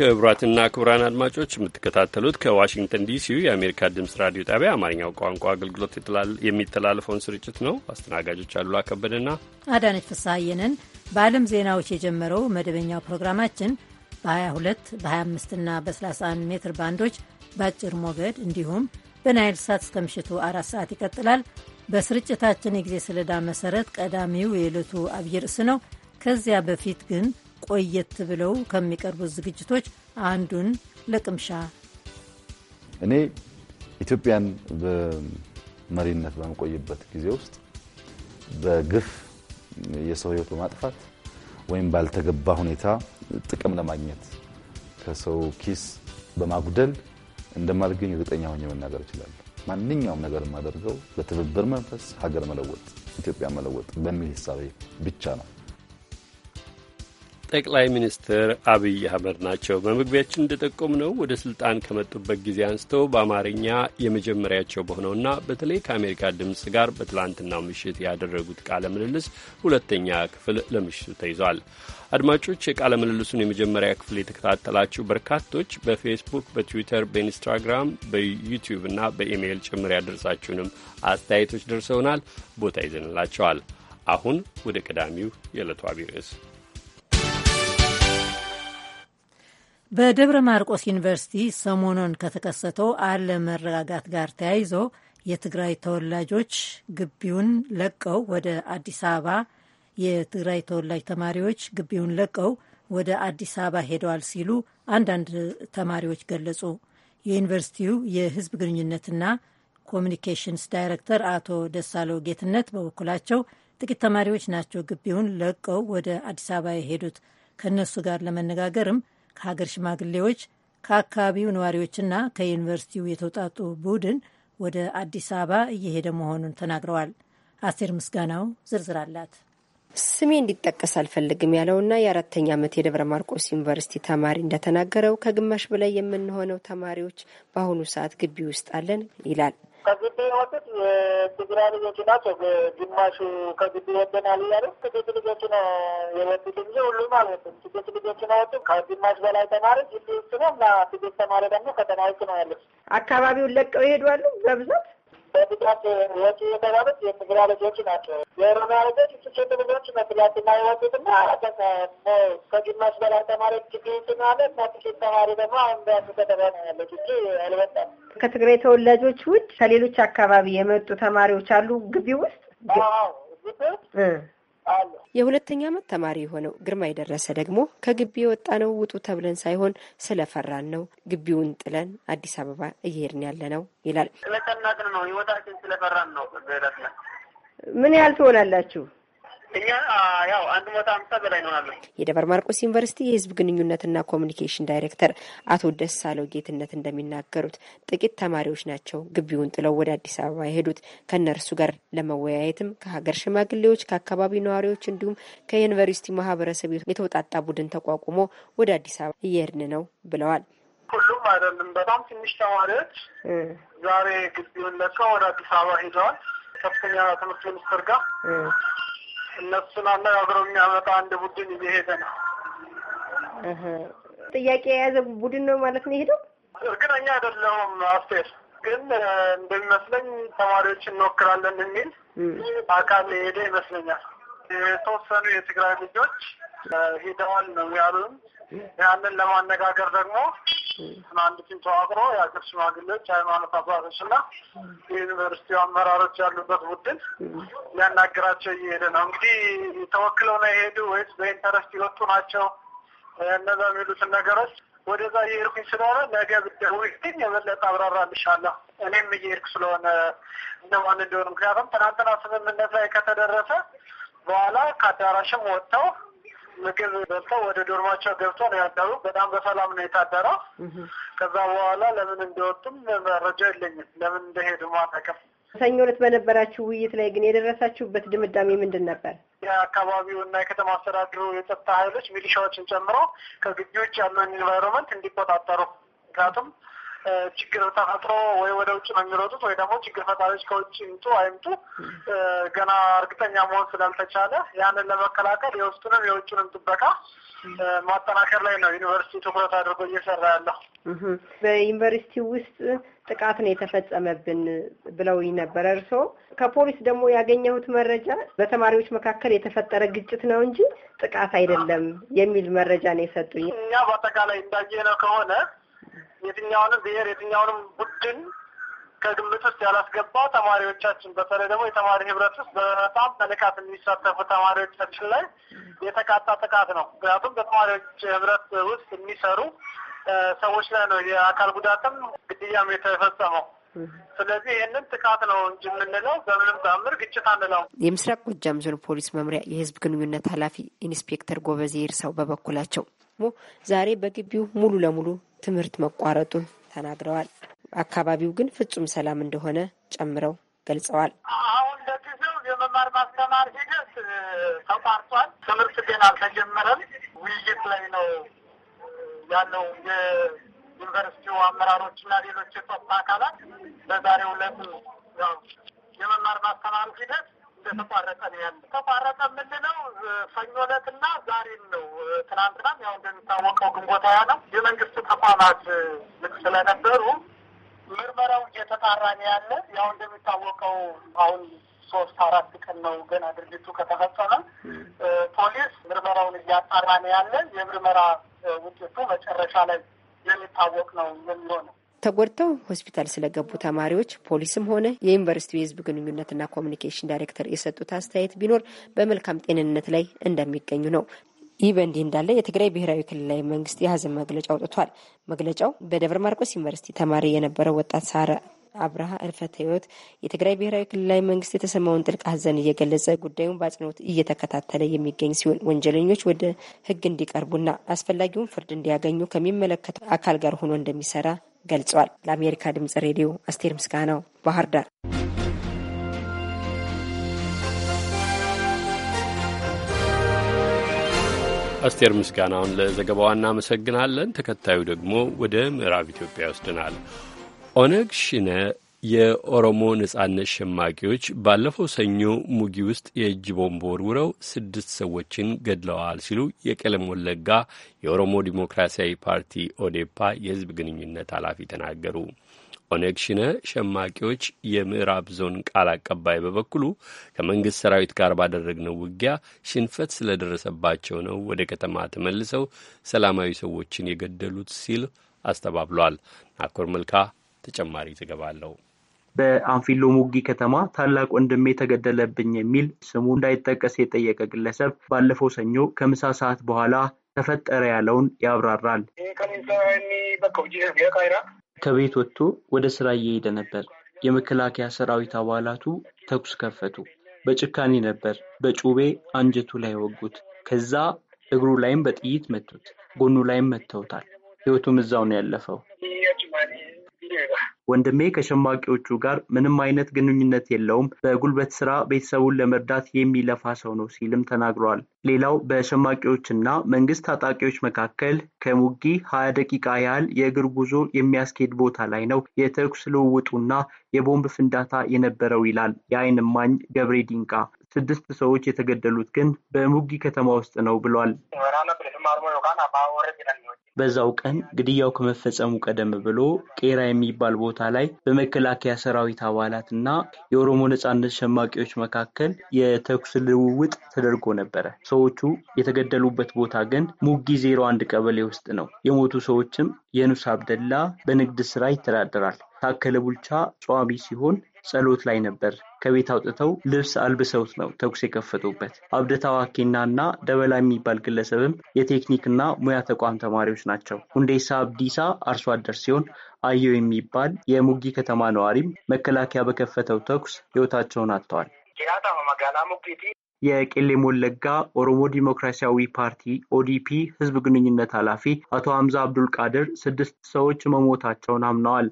[SPEAKER 3] ክቡራትና ክቡራን አድማጮች የምትከታተሉት ከዋሽንግተን ዲሲ የአሜሪካ ድምጽ ራዲዮ ጣቢያ አማርኛው ቋንቋ አገልግሎት የሚተላለፈውን ስርጭት ነው። አስተናጋጆች አሉላ ከበደና
[SPEAKER 1] አዳነች ፍስሐየንን። በዓለም ዜናዎች የጀመረው መደበኛው ፕሮግራማችን በ22 በ25 እና በ31 ሜትር ባንዶች በአጭር ሞገድ እንዲሁም በናይል ሳት እስከ ምሽቱ አራት ሰዓት ይቀጥላል። በስርጭታችን የጊዜ ሰሌዳ መሰረት ቀዳሚው የዕለቱ አብይ ርዕስ ነው። ከዚያ በፊት ግን ቆየት ብለው ከሚቀርቡት ዝግጅቶች አንዱን ለቅምሻ
[SPEAKER 2] እኔ ኢትዮጵያን በመሪነት በመቆይበት ጊዜ ውስጥ በግፍ የሰው ህይወት በማጥፋት ወይም ባልተገባ ሁኔታ ጥቅም ለማግኘት ከሰው ኪስ በማጉደል እንደማልገኝ እርግጠኛ ሆኜ መናገር እችላለሁ። ማንኛውም ነገር የማደርገው በትብብር መንፈስ ሀገር መለወጥ፣ ኢትዮጵያ መለወጥ በሚል ሂሳቤ ብቻ ነው።
[SPEAKER 3] ጠቅላይ ሚኒስትር አብይ አህመድ ናቸው። በመግቢያችን እንደጠቆም ነው ወደ ስልጣን ከመጡበት ጊዜ አንስተው በአማርኛ የመጀመሪያቸው በሆነውና በተለይ ከአሜሪካ ድምፅ ጋር በትላንትናው ምሽት ያደረጉት ቃለ ምልልስ ሁለተኛ ክፍል ለምሽቱ ተይዟል። አድማጮች የቃለ ምልልሱን የመጀመሪያ ክፍል የተከታተላችሁ በርካቶች በፌስቡክ፣ በትዊተር፣ በኢንስታግራም፣ በዩቲዩብ እና በኢሜይል ጭምር ያደርሳችሁንም አስተያየቶች ደርሰውናል። ቦታ ይዘንላቸዋል። አሁን ወደ ቀዳሚው የዕለቱ አቢይ ርዕስ
[SPEAKER 1] በደብረ ማርቆስ ዩኒቨርሲቲ ሰሞኑን ከተከሰተው አለመረጋጋት ጋር ተያይዞ የትግራይ ተወላጆች ግቢውን ለቀው ወደ አዲስ አበባ የትግራይ ተወላጅ ተማሪዎች ግቢውን ለቀው ወደ አዲስ አበባ ሄደዋል ሲሉ አንዳንድ ተማሪዎች ገለጹ። የዩኒቨርሲቲው የሕዝብ ግንኙነትና ኮሚኒኬሽንስ ዳይሬክተር አቶ ደሳለው ጌትነት በበኩላቸው ጥቂት ተማሪዎች ናቸው ግቢውን ለቀው ወደ አዲስ አበባ የሄዱት ከእነሱ ጋር ለመነጋገርም ከሀገር ሽማግሌዎች፣ ከአካባቢው ነዋሪዎችና ከዩኒቨርሲቲው የተውጣጡ ቡድን ወደ አዲስ አበባ እየሄደ መሆኑን ተናግረዋል። አስቴር ምስጋናው ዝርዝር አላት።
[SPEAKER 8] ስሜ እንዲጠቀስ አልፈልግም ያለውና የአራተኛ ዓመት የደብረ ማርቆስ ዩኒቨርሲቲ ተማሪ እንደተናገረው ከግማሽ በላይ የምንሆነው ተማሪዎች በአሁኑ ሰዓት ግቢ ውስጥ አለን ይላል።
[SPEAKER 6] ከግቢ የወጡት ትግራይ ልጆች ናቸው። ግማሹ ከግቢ ወደናል እያሉት ጥቂት ልጆች ነው የወጡት እንጂ ሁሉም አልወጡም። ጥቂት ልጆች ነው ወጡ። ከግማሽ በላይ ተማሪ ግቢ ውስጥ ነው እና ጥቂት ተማሪ ደግሞ ከተማ ውስጥ ነው ያለች። አካባቢውን ለቀው ይሄዳሉ በብዛት በብዛት ወጪ የተባሉት የትግራ ልጆች ናቸው። የኦሮሚያ ልጆች ስኬት ልጆች በትጋት የማይወጡት ና ከግማሽ በላይ ተማሪ ችግር ስናለ እና ጥቂት ተማሪ ደግሞ አሁን በተደረ ነው ያለች እንጂ
[SPEAKER 8] አልበጣም። ከትግራይ ተወላጆች ውጭ ከሌሎች አካባቢ የመጡ ተማሪዎች አሉ ግቢ ውስጥ የሁለተኛ ዓመት ተማሪ የሆነው ግርማ የደረሰ ደግሞ ከግቢ የወጣ ነው ውጡ ተብለን ሳይሆን ስለፈራን ነው ግቢውን ጥለን አዲስ አበባ እየሄድን ያለ ነው ይላል።
[SPEAKER 6] ስለጨናቅን ነው ህይወታችን ስለፈራን ነው።
[SPEAKER 8] ምን ያህል ትሆናላችሁ?
[SPEAKER 6] እኛ ያው አንድ መቶ አምሳ በላይ እንሆናለን።
[SPEAKER 8] የደብረ ማርቆስ ዩኒቨርሲቲ የህዝብ ግንኙነትና ኮሚኒኬሽን ዳይሬክተር አቶ ደሳለው ጌትነት እንደሚናገሩት ጥቂት ተማሪዎች ናቸው ግቢውን ጥለው ወደ አዲስ አበባ የሄዱት። ከእነርሱ ጋር ለመወያየትም ከሀገር ሽማግሌዎች፣ ከአካባቢ ነዋሪዎች እንዲሁም ከዩኒቨርሲቲ ማህበረሰብ የተውጣጣ ቡድን ተቋቁሞ ወደ አዲስ አበባ እየሄድን ነው ብለዋል። ሁሉም አይደለም፣
[SPEAKER 6] በጣም ትንሽ ተማሪዎች ዛሬ ግቢውን ለቀው ወደ አዲስ አበባ ሄደዋል። ከፍተኛ ትምህርት ሚኒስትር ጋር እነሱን አነጋግረው የሚያመጣ አንድ ቡድን እየሄደ ነው።
[SPEAKER 8] ጥያቄ የያዘ ቡድን ነው ማለት ነው የሄደው።
[SPEAKER 6] እርግጠኛ አይደለሁም አስቴር፣ ግን እንደሚመስለኝ ተማሪዎች እንወክራለን የሚል በአካል የሄደ ይመስለኛል። የተወሰኑ የትግራይ ልጆች ሄደዋል ነው ያሉን። ያንን ለማነጋገር ደግሞ አንድ ተዋቅሮ የሀገር ሽማግሌዎች፣ ሃይማኖት አባቶች እና የዩኒቨርሲቲ አመራሮች ያሉበት ቡድን ሊያናገራቸው እየሄደ ነው። እንግዲህ ተወክለው ነው የሄዱ ወይስ በኢንተረስት የወጡ ናቸው? እነዛ የሚሉትን ነገሮች ወደዛ እየሄድኩኝ ስለሆነ ነገ ብደውልልኝ የበለጠ አብራራልሻለሁ። እኔም እየሄድኩ ስለሆነ እነማን እንደሆነ ምክንያቱም ትናንትና ስምምነት ላይ ከተደረሰ በኋላ ከአዳራሽም ወጥተው ምግብ በልተው ወደ ዶርማቸው ገብቶ ነው ያደሩ። በጣም በሰላም ነው የታደረው። ከዛ
[SPEAKER 8] በኋላ ለምን እንደወጡም መረጃ የለኝም፣ ለምን እንደሄዱ ማጠቅም። ሰኞ ዕለት በነበራችሁ ውይይት ላይ ግን የደረሳችሁበት ድምዳሜ ምንድን ነበር? የአካባቢው እና የከተማ
[SPEAKER 6] አስተዳደሩ የጸጥታ ኃይሎች ሚሊሻዎችን ጨምሮ ከግቢዎች ውጭ ያለውን ኢንቫይሮንመንት እንዲቆጣጠሩ ምክንያቱም ችግር ተፈጥሮ ወይ ወደ ውጭ ነው የሚሮጡት ወይ ደግሞ ችግር ፈጣሪዎች ከውጭ ይምጡ አይምጡ ገና እርግጠኛ መሆን ስላልተቻለ ያንን ለመከላከል የውስጡንም የውጭንም ጥበቃ ማጠናከር ላይ ነው ዩኒቨርሲቲ ትኩረት አድርጎ እየሰራ ያለው።
[SPEAKER 8] በዩኒቨርሲቲ ውስጥ ጥቃት ነው የተፈጸመብን ብለውኝ ነበረ። እርስዎ ከፖሊስ ደግሞ ያገኘሁት መረጃ በተማሪዎች መካከል የተፈጠረ ግጭት ነው እንጂ ጥቃት አይደለም የሚል መረጃ ነው የሰጡኝ። እኛ
[SPEAKER 6] በአጠቃላይ እንዳየነው ከሆነ የትኛውንም ብሔር የትኛውንም ቡድን ከግምት ውስጥ ያላስገባ ተማሪዎቻችን በተለይ ደግሞ የተማሪ ህብረት ውስጥ በጣም በንቃት የሚሳተፉ ተማሪዎቻችን ላይ የተቃጣ ጥቃት ነው። ምክንያቱም በተማሪዎች ህብረት ውስጥ የሚሰሩ ሰዎች ላይ ነው የአካል ጉዳትም ግድያም የተፈጸመው። ስለዚህ ይህንን ጥቃት ነው እንጂ የምንለው በምንም ታምር ግጭት አንለው።
[SPEAKER 8] የምስራቅ ጎጃም ዞን ፖሊስ መምሪያ የህዝብ ግንኙነት ኃላፊ ኢንስፔክተር ጎበዜ ይርሰው በበኩላቸው ደግሞ ዛሬ በግቢው ሙሉ ለሙሉ ትምህርት መቋረጡን ተናግረዋል። አካባቢው ግን ፍጹም ሰላም እንደሆነ ጨምረው ገልጸዋል። አሁን ለጊዜው የመማር ማስተማር
[SPEAKER 6] ሂደት ተቋርጧል። ትምህርት ግን አልተጀመረም። ውይይት ላይ ነው ያለው የዩኒቨርሲቲው አመራሮችና ሌሎች የጸጥታ አካላት በዛሬው ዕለት የመማር ማስተማሩ ሂደት እንደተቋረጠ ነው ያለ። ተቋረጠ የምንለው ሰኞ ዕለትና ዛሬም ነው። ትናንትናም ያው እንደሚታወቀው ግንቦት ሃያ ነው። የመንግስት ተቋማት ዝግ ስለነበሩ ምርመራው እየተጣራ ነው ያለ። ያው እንደሚታወቀው አሁን ሶስት አራት ቀን ነው ገና ድርጊቱ ከተፈጸመ። ፖሊስ ምርመራውን እያጣራ ነው ያለ። የምርመራ ውጤቱ መጨረሻ ላይ የሚታወቅ ነው የሚሆነው።
[SPEAKER 8] ተጎድተው ሆስፒታል ስለገቡ ተማሪዎች ፖሊስም ሆነ የዩኒቨርሲቲው የህዝብ ግንኙነትና ኮሚኒኬሽን ዳይሬክተር የሰጡት አስተያየት ቢኖር በመልካም ጤንነት ላይ እንደሚገኙ ነው። ይህ በእንዲህ እንዳለ የትግራይ ብሔራዊ ክልላዊ መንግስት የሀዘን መግለጫ አውጥቷል። መግለጫው በደብረ ማርቆስ ዩኒቨርሲቲ ተማሪ የነበረው ወጣት ሳረ አብርሃ እልፈት ህይወት የትግራይ ብሔራዊ ክልላዊ መንግስት የተሰማውን ጥልቅ ሀዘን እየገለጸ ጉዳዩን በአጽንኦት እየተከታተለ የሚገኝ ሲሆን ወንጀለኞች ወደ ህግ እንዲቀርቡና አስፈላጊውን ፍርድ እንዲያገኙ ከሚመለከተው አካል ጋር ሆኖ እንደሚሰራ ገልጿል። ለአሜሪካ ድምጽ ሬዲዮ አስቴር ምስጋናው ባህር ዳር።
[SPEAKER 3] አስቴር ምስጋናውን ለዘገባዋ እናመሰግናለን። ተከታዩ ደግሞ ወደ ምዕራብ ኢትዮጵያ ይወስድናል። ኦነግ ሽነ የኦሮሞ ነጻነት ሸማቂዎች ባለፈው ሰኞ ሙጊ ውስጥ የእጅ ቦምብ ወርውረው ስድስት ሰዎችን ገድለዋል ሲሉ የቀለም ወለጋ የኦሮሞ ዲሞክራሲያዊ ፓርቲ ኦዴፓ የህዝብ ግንኙነት ኃላፊ ተናገሩ። ኦነግ ሽነ ሸማቂዎች የምዕራብ ዞን ቃል አቀባይ በበኩሉ ከመንግሥት ሰራዊት ጋር ባደረግነው ውጊያ ሽንፈት ስለደረሰባቸው ነው ወደ ከተማ ተመልሰው ሰላማዊ ሰዎችን የገደሉት ሲል አስተባብሏል። ናኮር መልካ ተጨማሪ ዘገባ አለው።
[SPEAKER 9] በአንፊሎ ሙጊ ከተማ ታላቅ ወንድሜ ተገደለብኝ የሚል ስሙ እንዳይጠቀስ የጠየቀ ግለሰብ ባለፈው ሰኞ ከምሳ ሰዓት በኋላ ተፈጠረ ያለውን ያብራራል። ከቤት ወጥቶ ወደ ስራ እየሄደ ነበር። የመከላከያ ሰራዊት አባላቱ ተኩስ ከፈቱ። በጭካኔ ነበር በጩቤ አንጀቱ ላይ ወጉት። ከዛ እግሩ ላይም በጥይት መቱት። ጎኑ ላይም መተውታል። ህይወቱም እዛው ነው ያለፈው። ወንድሜ ከሸማቂዎቹ ጋር ምንም አይነት ግንኙነት የለውም፣ በጉልበት ስራ ቤተሰቡን ለመርዳት የሚለፋ ሰው ነው ሲልም ተናግሯል። ሌላው በሸማቂዎችና መንግስት ታጣቂዎች መካከል ከሙጊ ሀያ ደቂቃ ያህል የእግር ጉዞ የሚያስኬድ ቦታ ላይ ነው የተኩስ ልውውጡና የቦምብ ፍንዳታ የነበረው ይላል የአይን እማኝ ገብሬ ዲንቃ። ስድስት ሰዎች የተገደሉት ግን በሙጊ ከተማ ውስጥ ነው ብሏል። በዛው ቀን ግድያው ከመፈጸሙ ቀደም ብሎ ቄራ የሚባል ቦታ ላይ በመከላከያ ሰራዊት አባላት እና የኦሮሞ ነጻነት ሸማቂዎች መካከል የተኩስ ልውውጥ ተደርጎ ነበረ። ሰዎቹ የተገደሉበት ቦታ ግን ሙጊ ዜሮ አንድ ቀበሌ ውስጥ ነው። የሞቱ ሰዎችም የኑስ አብደላ በንግድ ስራ ይተዳደራል። ታከለ ቡልቻ ጿሚ ሲሆን ጸሎት ላይ ነበር። ከቤት አውጥተው ልብስ አልብሰውት ነው ተኩስ የከፈቱበት። አብደታ ዋኬና እና ደበላ የሚባል ግለሰብም የቴክኒክና ሙያ ተቋም ተማሪዎች ናቸው። ሁንዴሳ አብዲሳ አርሶ አደር ሲሆን አየው የሚባል የሙጊ ከተማ ነዋሪም መከላከያ በከፈተው ተኩስ ሕይወታቸውን አጥተዋል። የቄለም ወለጋ ኦሮሞ ዲሞክራሲያዊ ፓርቲ ኦዲፒ ህዝብ ግንኙነት ኃላፊ አቶ ሀምዛ አብዱል ቃድር ስድስት ሰዎች መሞታቸውን አምነዋል።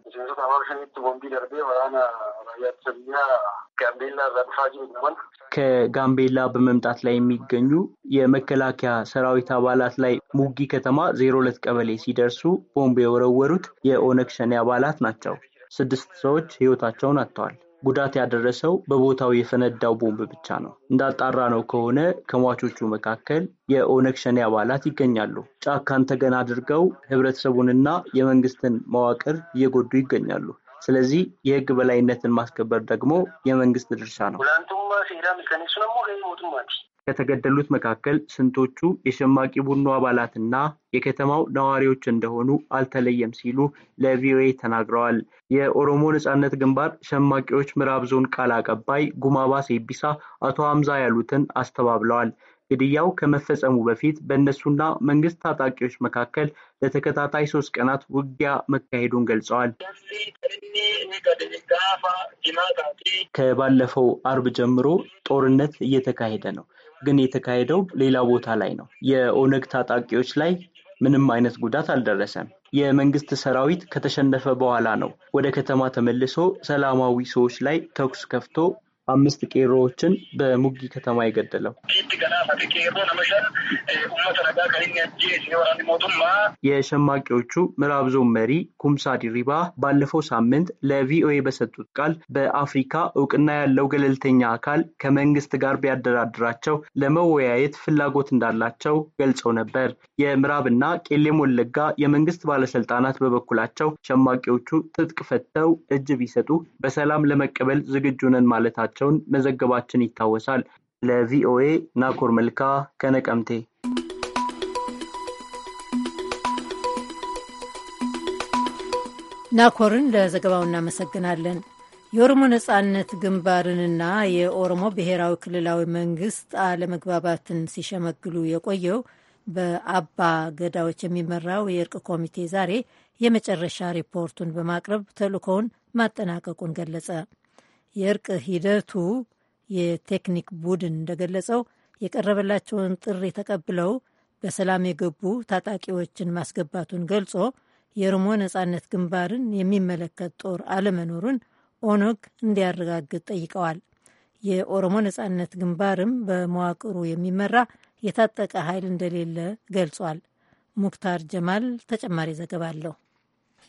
[SPEAKER 9] ከጋምቤላ በመምጣት ላይ የሚገኙ የመከላከያ ሰራዊት አባላት ላይ ሙጊ ከተማ ዜሮ ሁለት ቀበሌ ሲደርሱ ቦምብ የወረወሩት የኦነግ ሸኔ አባላት ናቸው። ስድስት ሰዎች ህይወታቸውን አጥተዋል። ጉዳት ያደረሰው በቦታው የፈነዳው ቦምብ ብቻ ነው። እንዳጣራነው ከሆነ ከሟቾቹ መካከል የኦነግ ሸኔ አባላት ይገኛሉ። ጫካን ተገን አድርገው ህብረተሰቡንና የመንግስትን መዋቅር እየጎዱ ይገኛሉ። ስለዚህ የህግ በላይነትን ማስከበር ደግሞ የመንግስት ድርሻ ነው። ከተገደሉት መካከል ስንቶቹ የሸማቂ ቡድኑ አባላትና የከተማው ነዋሪዎች እንደሆኑ አልተለየም ሲሉ ለቪኦኤ ተናግረዋል። የኦሮሞ ነጻነት ግንባር ሸማቂዎች ምዕራብ ዞን ቃል አቀባይ ጉማባ ሴቢሳ አቶ ሀምዛ ያሉትን አስተባብለዋል። ግድያው ከመፈጸሙ በፊት በእነሱና መንግስት ታጣቂዎች መካከል ለተከታታይ ሶስት ቀናት ውጊያ መካሄዱን ገልጸዋል። ከባለፈው አርብ ጀምሮ ጦርነት እየተካሄደ ነው። ግን የተካሄደው ሌላ ቦታ ላይ ነው። የኦነግ ታጣቂዎች ላይ ምንም አይነት ጉዳት አልደረሰም። የመንግስት ሰራዊት ከተሸነፈ በኋላ ነው ወደ ከተማ ተመልሶ ሰላማዊ ሰዎች ላይ ተኩስ ከፍቶ አምስት ቄሮዎችን በሙጊ ከተማ የገደለው። የሸማቂዎቹ ምዕራብ ዞን መሪ ኩምሳ ዲሪባ ባለፈው ሳምንት ለቪኦኤ በሰጡት ቃል በአፍሪካ እውቅና ያለው ገለልተኛ አካል ከመንግስት ጋር ቢያደራድራቸው ለመወያየት ፍላጎት እንዳላቸው ገልጸው ነበር። የምዕራብና ቄሌም ወለጋ የመንግስት ባለስልጣናት በበኩላቸው ሸማቂዎቹ ትጥቅ ፈተው እጅ ቢሰጡ በሰላም ለመቀበል ዝግጁ ነን ማለታቸው መሆናቸውን መዘገባችን ይታወሳል። ለቪኦኤ ናኮር መልካ ከነቀምቴ።
[SPEAKER 1] ናኮርን ለዘገባው እናመሰግናለን። የኦሮሞ ነጻነት ግንባርንና የኦሮሞ ብሔራዊ ክልላዊ መንግስት አለመግባባትን ሲሸመግሉ የቆየው በአባ ገዳዎች የሚመራው የእርቅ ኮሚቴ ዛሬ የመጨረሻ ሪፖርቱን በማቅረብ ተልእኮውን ማጠናቀቁን ገለጸ። የእርቅ ሂደቱ የቴክኒክ ቡድን እንደገለጸው የቀረበላቸውን ጥሪ ተቀብለው በሰላም የገቡ ታጣቂዎችን ማስገባቱን ገልጾ የኦሮሞ ነጻነት ግንባርን የሚመለከት ጦር አለመኖሩን ኦነግ እንዲያረጋግጥ ጠይቀዋል። የኦሮሞ ነጻነት ግንባርም በመዋቅሩ የሚመራ የታጠቀ ኃይል እንደሌለ ገልጿል። ሙክታር ጀማል ተጨማሪ ዘገባ አለው።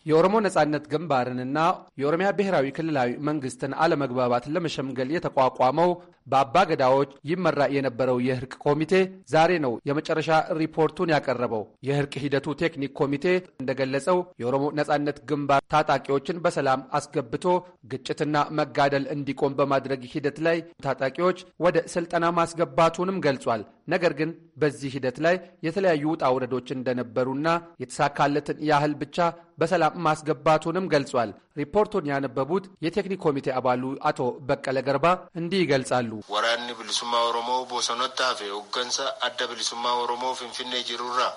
[SPEAKER 5] የኦሮሞ ነጻነት ግንባርንና የኦሮሚያ ብሔራዊ ክልላዊ መንግስትን አለመግባባት ለመሸምገል የተቋቋመው በአባ ገዳዎች ይመራ የነበረው የእርቅ ኮሚቴ ዛሬ ነው የመጨረሻ ሪፖርቱን ያቀረበው። የእርቅ ሂደቱ ቴክኒክ ኮሚቴ እንደገለጸው የኦሮሞ ነጻነት ግንባር ታጣቂዎችን በሰላም አስገብቶ ግጭትና መጋደል እንዲቆም በማድረግ ሂደት ላይ ታጣቂዎች ወደ ስልጠና ማስገባቱንም ገልጿል። ነገር ግን በዚህ ሂደት ላይ የተለያዩ ውጣ ውረዶች እንደነበሩና የተሳካለትን ያህል ብቻ በሰላም ማስገባቱንም ገልጿል። ሪፖርቱን ያነበቡት የቴክኒክ ኮሚቴ አባሉ አቶ በቀለ ገርባ እንዲህ ይገልጻሉ።
[SPEAKER 10] Waraanni bilisummaa Oromoo bosonatti hafe hoggansa adda bilisummaa Oromoo Finfinnee jirurraa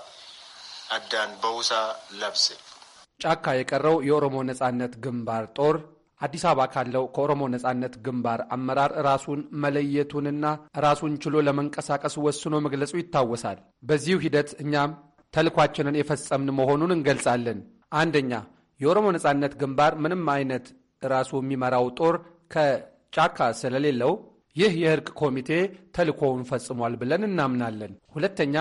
[SPEAKER 10] addaan bahusaa labse።
[SPEAKER 5] ጫካ የቀረው የኦሮሞ ነጻነት ግንባር ጦር አዲስ አበባ ካለው ከኦሮሞ ነጻነት ግንባር አመራር ራሱን መለየቱንና ራሱን ችሎ ለመንቀሳቀስ ወስኖ መግለጹ ይታወሳል። በዚሁ ሂደት እኛም ተልኳችንን የፈጸምን መሆኑን እንገልጻለን። አንደኛ የኦሮሞ ነጻነት ግንባር ምንም አይነት ራሱ የሚመራው ጦር ከጫካ ስለሌለው ይህ የእርቅ ኮሚቴ ተልእኮውን ፈጽሟል ብለን እናምናለን። ሁለተኛ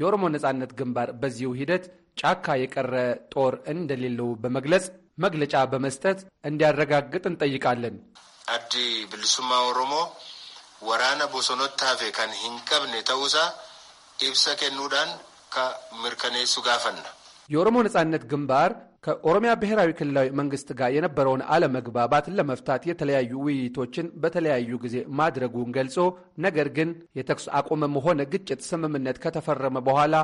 [SPEAKER 5] የኦሮሞ ነጻነት ግንባር በዚሁ ሂደት ጫካ የቀረ ጦር እንደሌለው በመግለጽ መግለጫ በመስጠት እንዲያረጋግጥ እንጠይቃለን።
[SPEAKER 10] አዲ ብልሱማ ኦሮሞ ወራነ ቦሶኖት ታፌ ከን ሂንቀብን የተውሳ ኢብሰ ከኑዳን ከምርከኔሱ ጋፈና
[SPEAKER 5] የኦሮሞ ነጻነት ግንባር ከኦሮሚያ ብሔራዊ ክልላዊ መንግስት ጋር የነበረውን አለመግባባት ለመፍታት የተለያዩ ውይይቶችን በተለያዩ ጊዜ ማድረጉን ገልጾ ነገር ግን የተኩስ አቁምም ሆነ ግጭት ስምምነት ከተፈረመ በኋላ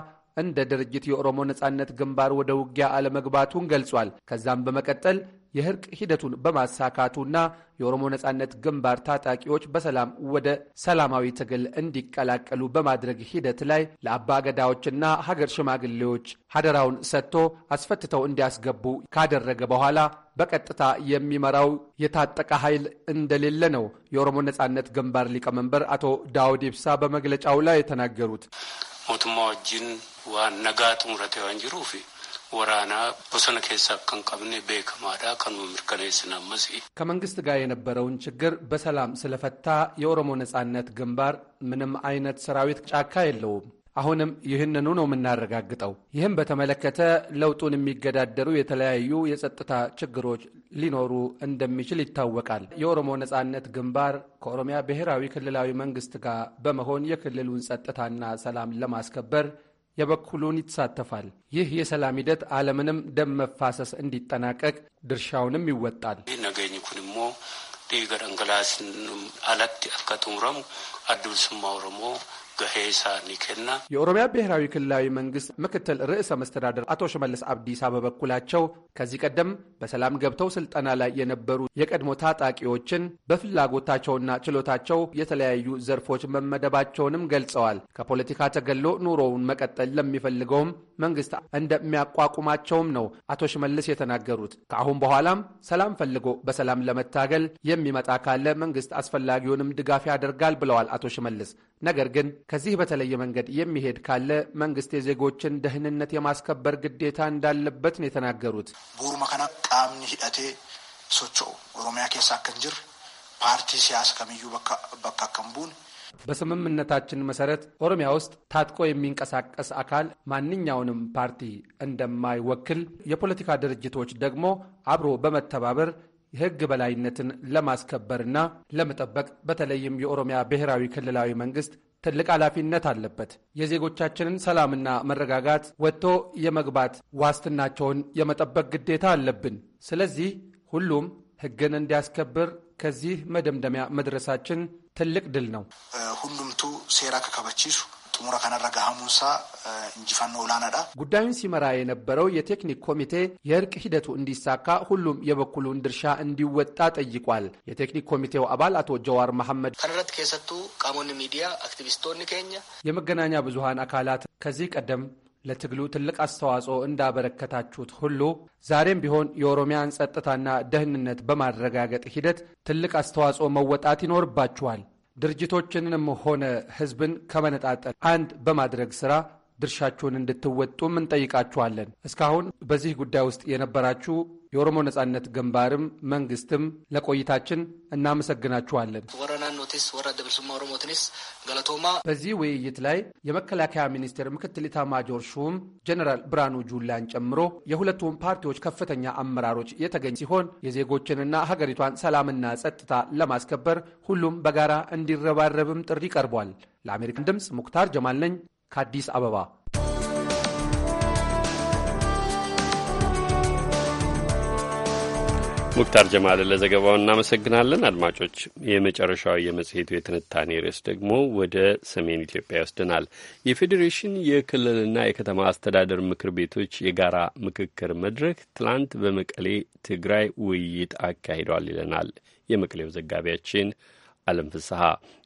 [SPEAKER 5] እንደ ድርጅት የኦሮሞ ነጻነት ግንባር ወደ ውጊያ አለመግባቱን ገልጿል። ከዛም በመቀጠል የእርቅ ሂደቱን በማሳካቱና የኦሮሞ ነጻነት ግንባር ታጣቂዎች በሰላም ወደ ሰላማዊ ትግል እንዲቀላቀሉ በማድረግ ሂደት ላይ ለአባገዳዎችና ሀገር ሽማግሌዎች ሀደራውን ሰጥቶ አስፈትተው እንዲያስገቡ ካደረገ በኋላ በቀጥታ የሚመራው የታጠቀ ኃይል እንደሌለ ነው የኦሮሞ ነጻነት ግንባር ሊቀመንበር አቶ ዳውድ ኢብሳ በመግለጫው ላይ የተናገሩት
[SPEAKER 3] ሞቱማ ወጂን ዋን ነጋቱ ዋንጅሩ ወራና ቦሰነ ኬሳ ቀብኔ ቤከማዳ ከኑ ምርከኔስናመስ
[SPEAKER 5] ከመንግስት ጋር የነበረውን ችግር በሰላም ስለፈታ የኦሮሞ ነጻነት ግንባር ምንም አይነት ሰራዊት ጫካ የለውም። አሁንም ይህንኑ ነው የምናረጋግጠው። ይህም በተመለከተ ለውጡን የሚገዳደሩ የተለያዩ የጸጥታ ችግሮች ሊኖሩ እንደሚችል ይታወቃል። የኦሮሞ ነጻነት ግንባር ከኦሮሚያ ብሔራዊ ክልላዊ መንግስት ጋር በመሆን የክልሉን ጸጥታና ሰላም ለማስከበር የበኩሉን ይሳተፋል። ይህ የሰላም ሂደት አለምንም ደም መፋሰስ እንዲጠናቀቅ ድርሻውንም ይወጣል።
[SPEAKER 3] ገረንገላስ አለት አከቱምረም አዱልስማ ኦሮሞ
[SPEAKER 5] የኦሮሚያ ብሔራዊ ክልላዊ መንግስት ምክትል ርዕሰ መስተዳደር አቶ ሽመልስ አብዲሳ በበኩላቸው ከዚህ ቀደም በሰላም ገብተው ስልጠና ላይ የነበሩ የቀድሞ ታጣቂዎችን በፍላጎታቸውና ችሎታቸው የተለያዩ ዘርፎች መመደባቸውንም ገልጸዋል። ከፖለቲካ ተገሎ ኑሮውን መቀጠል ለሚፈልገውም መንግስት እንደሚያቋቁማቸውም ነው አቶ ሽመልስ የተናገሩት። ከአሁን በኋላም ሰላም ፈልጎ በሰላም ለመታገል የሚመጣ ካለ መንግስት አስፈላጊውንም ድጋፍ ያደርጋል ብለዋል አቶ ሽመልስ። ነገር ግን ከዚህ በተለየ መንገድ የሚሄድ ካለ መንግስት የዜጎችን ደህንነት የማስከበር ግዴታ እንዳለበት ነው የተናገሩት።
[SPEAKER 11] ቡሩመ መከና ቃምኒ ሂደቴ ሶቾ ኦሮሚያ ኬሳ ከንጅር ፓርቲ ሲያስ ከምዩ በካ ከምቡን
[SPEAKER 5] በስምምነታችን መሰረት ኦሮሚያ ውስጥ ታጥቆ የሚንቀሳቀስ አካል ማንኛውንም ፓርቲ እንደማይወክል፣ የፖለቲካ ድርጅቶች ደግሞ አብሮ በመተባበር የህግ በላይነትን ለማስከበርና ለመጠበቅ በተለይም የኦሮሚያ ብሔራዊ ክልላዊ መንግስት ትልቅ ኃላፊነት አለበት። የዜጎቻችንን ሰላምና መረጋጋት ወጥቶ የመግባት ዋስትናቸውን የመጠበቅ ግዴታ አለብን። ስለዚህ ሁሉም ሕግን እንዲያስከብር ከዚህ መደምደሚያ መድረሳችን ትልቅ ድል ነው።
[SPEAKER 11] ሁሉምቱ ሴራ ከከበቺሱ ጥሙራ kanarra gahamuunsaa እንጅፋኖ ላናዳ
[SPEAKER 5] ጉዳዩን ሲመራ የነበረው የቴክኒክ ኮሚቴ የእርቅ ሂደቱ እንዲሳካ ሁሉም የበኩሉን ድርሻ እንዲወጣ ጠይቋል። የቴክኒክ ኮሚቴው አባል አቶ ጀዋር መሐመድ
[SPEAKER 11] ከንረት
[SPEAKER 12] ከሰቱ ቃሞን
[SPEAKER 11] ሚዲያ አክቲቪስቶን ከኛ
[SPEAKER 5] የመገናኛ ብዙሀን አካላት ከዚህ ቀደም ለትግሉ ትልቅ አስተዋጽኦ እንዳበረከታችሁት ሁሉ ዛሬም ቢሆን የኦሮሚያን ጸጥታና ደህንነት በማረጋገጥ ሂደት ትልቅ አስተዋጽኦ መወጣት ይኖርባችኋል። ድርጅቶችንም ሆነ ህዝብን ከመነጣጠል አንድ በማድረግ ስራ ድርሻችሁን እንድትወጡም እንጠይቃችኋለን። እስካሁን በዚህ ጉዳይ ውስጥ የነበራችሁ የኦሮሞ ነጻነት ግንባርም መንግስትም ለቆይታችን እናመሰግናችኋለን። በዚህ ውይይት ላይ የመከላከያ ሚኒስቴር ምክትል ኢታማጆር ሹም ጀኔራል ብርሃኑ ጁላን ጨምሮ የሁለቱም ፓርቲዎች ከፍተኛ አመራሮች የተገኙ ሲሆን የዜጎችንና ሀገሪቷን ሰላምና ጸጥታ ለማስከበር ሁሉም በጋራ እንዲረባረብም ጥሪ ቀርቧል። ለአሜሪካን ድምፅ ሙክታር ጀማል ነኝ ከአዲስ አበባ።
[SPEAKER 3] ሙክታር ጀማል ለዘገባው እናመሰግናለን። አድማጮች፣ የመጨረሻው የመጽሔቱ የትንታኔ ርዕስ ደግሞ ወደ ሰሜን ኢትዮጵያ ይወስደናል። የፌዴሬሽን የክልልና የከተማ አስተዳደር ምክር ቤቶች የጋራ ምክክር መድረክ ትላንት በመቀሌ ትግራይ ውይይት አካሂዷል ይለናል የመቀሌው ዘጋቢያችን አለም ፍስሐ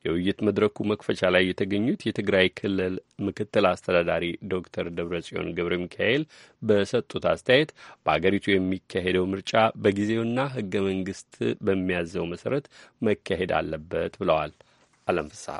[SPEAKER 3] የውይይት መድረኩ መክፈቻ ላይ የተገኙት የትግራይ ክልል ምክትል አስተዳዳሪ ዶክተር ደብረጽዮን ገብረ ሚካኤል በሰጡት አስተያየት በአገሪቱ የሚካሄደው ምርጫ በጊዜውና ህገ መንግስት በሚያዘው መሰረት መካሄድ አለበት ብለዋል። አለም ፍስሐ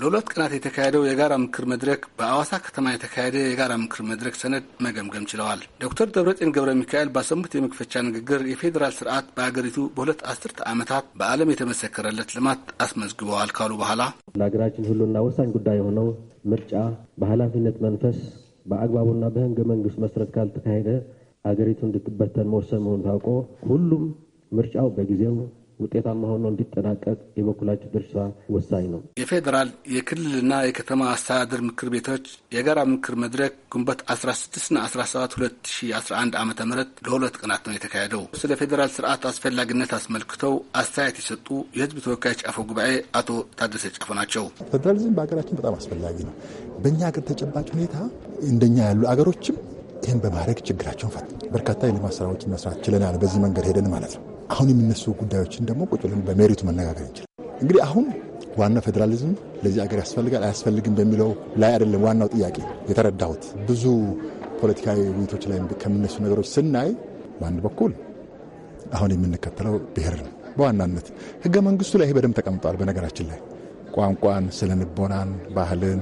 [SPEAKER 11] ለሁለት ቀናት የተካሄደው የጋራ ምክር መድረክ በአዋሳ ከተማ የተካሄደ የጋራ ምክር መድረክ ሰነድ መገምገም ችለዋል። ዶክተር ደብረጤን ገብረ ሚካኤል ባሰሙት የመክፈቻ ንግግር የፌዴራል ስርዓት በአገሪቱ በሁለት አስርተ ዓመታት በዓለም የተመሰከረለት ልማት አስመዝግበዋል ካሉ በኋላ ለሀገራችን ሁሉና ወሳኝ ጉዳይ የሆነው ምርጫ በኃላፊነት መንፈስ በአግባቡና በህገ መንግስት መሰረት ካልተካሄደ አገሪቱ እንድትበተን መወሰን መሆን ታውቆ ሁሉም ምርጫው በጊዜው ውጤታማ ሆኖ እንዲጠናቀቅ የበኩላቸው ድርሻ ወሳኝ ነው። የፌዴራል የክልልና የከተማ አስተዳደር ምክር ቤቶች የጋራ ምክር መድረክ ግንቦት 16ና 17 2011 ዓ ም ለሁለት ቀናት ነው የተካሄደው። ስለ ፌዴራል ስርዓት አስፈላጊነት አስመልክተው አስተያየት የሰጡ የህዝብ ተወካዮች አፈ ጉባኤ አቶ ታደሰ ጫፎ ናቸው።
[SPEAKER 10] ፌዴራሊዝም በሀገራችን በጣም አስፈላጊ ነው። በእኛ ሀገር ተጨባጭ ሁኔታ እንደኛ ያሉ አገሮችም ይህን በማድረግ ችግራቸውን ፈት በርካታ የልማት ስራዎችን መስራት ችለናል። በዚህ መንገድ ሄደን ማለት ነው አሁን የሚነሱ ጉዳዮችን ደግሞ ቁጭ ብለን በሜሪቱ መነጋገር እንችላል። እንግዲህ አሁን ዋና ፌዴራሊዝም ለዚህ አገር ያስፈልጋል አያስፈልግም በሚለው ላይ አይደለም ዋናው ጥያቄ የተረዳሁት። ብዙ ፖለቲካዊ ውይይቶች ላይ ከሚነሱ ነገሮች ስናይ በአንድ በኩል አሁን የምንከተለው ብሔር ነው በዋናነት ህገ መንግስቱ ላይ ይሄ በደንብ ተቀምጧል። በነገራችን ላይ ቋንቋን፣ ስነ ልቦናን፣ ባህልን፣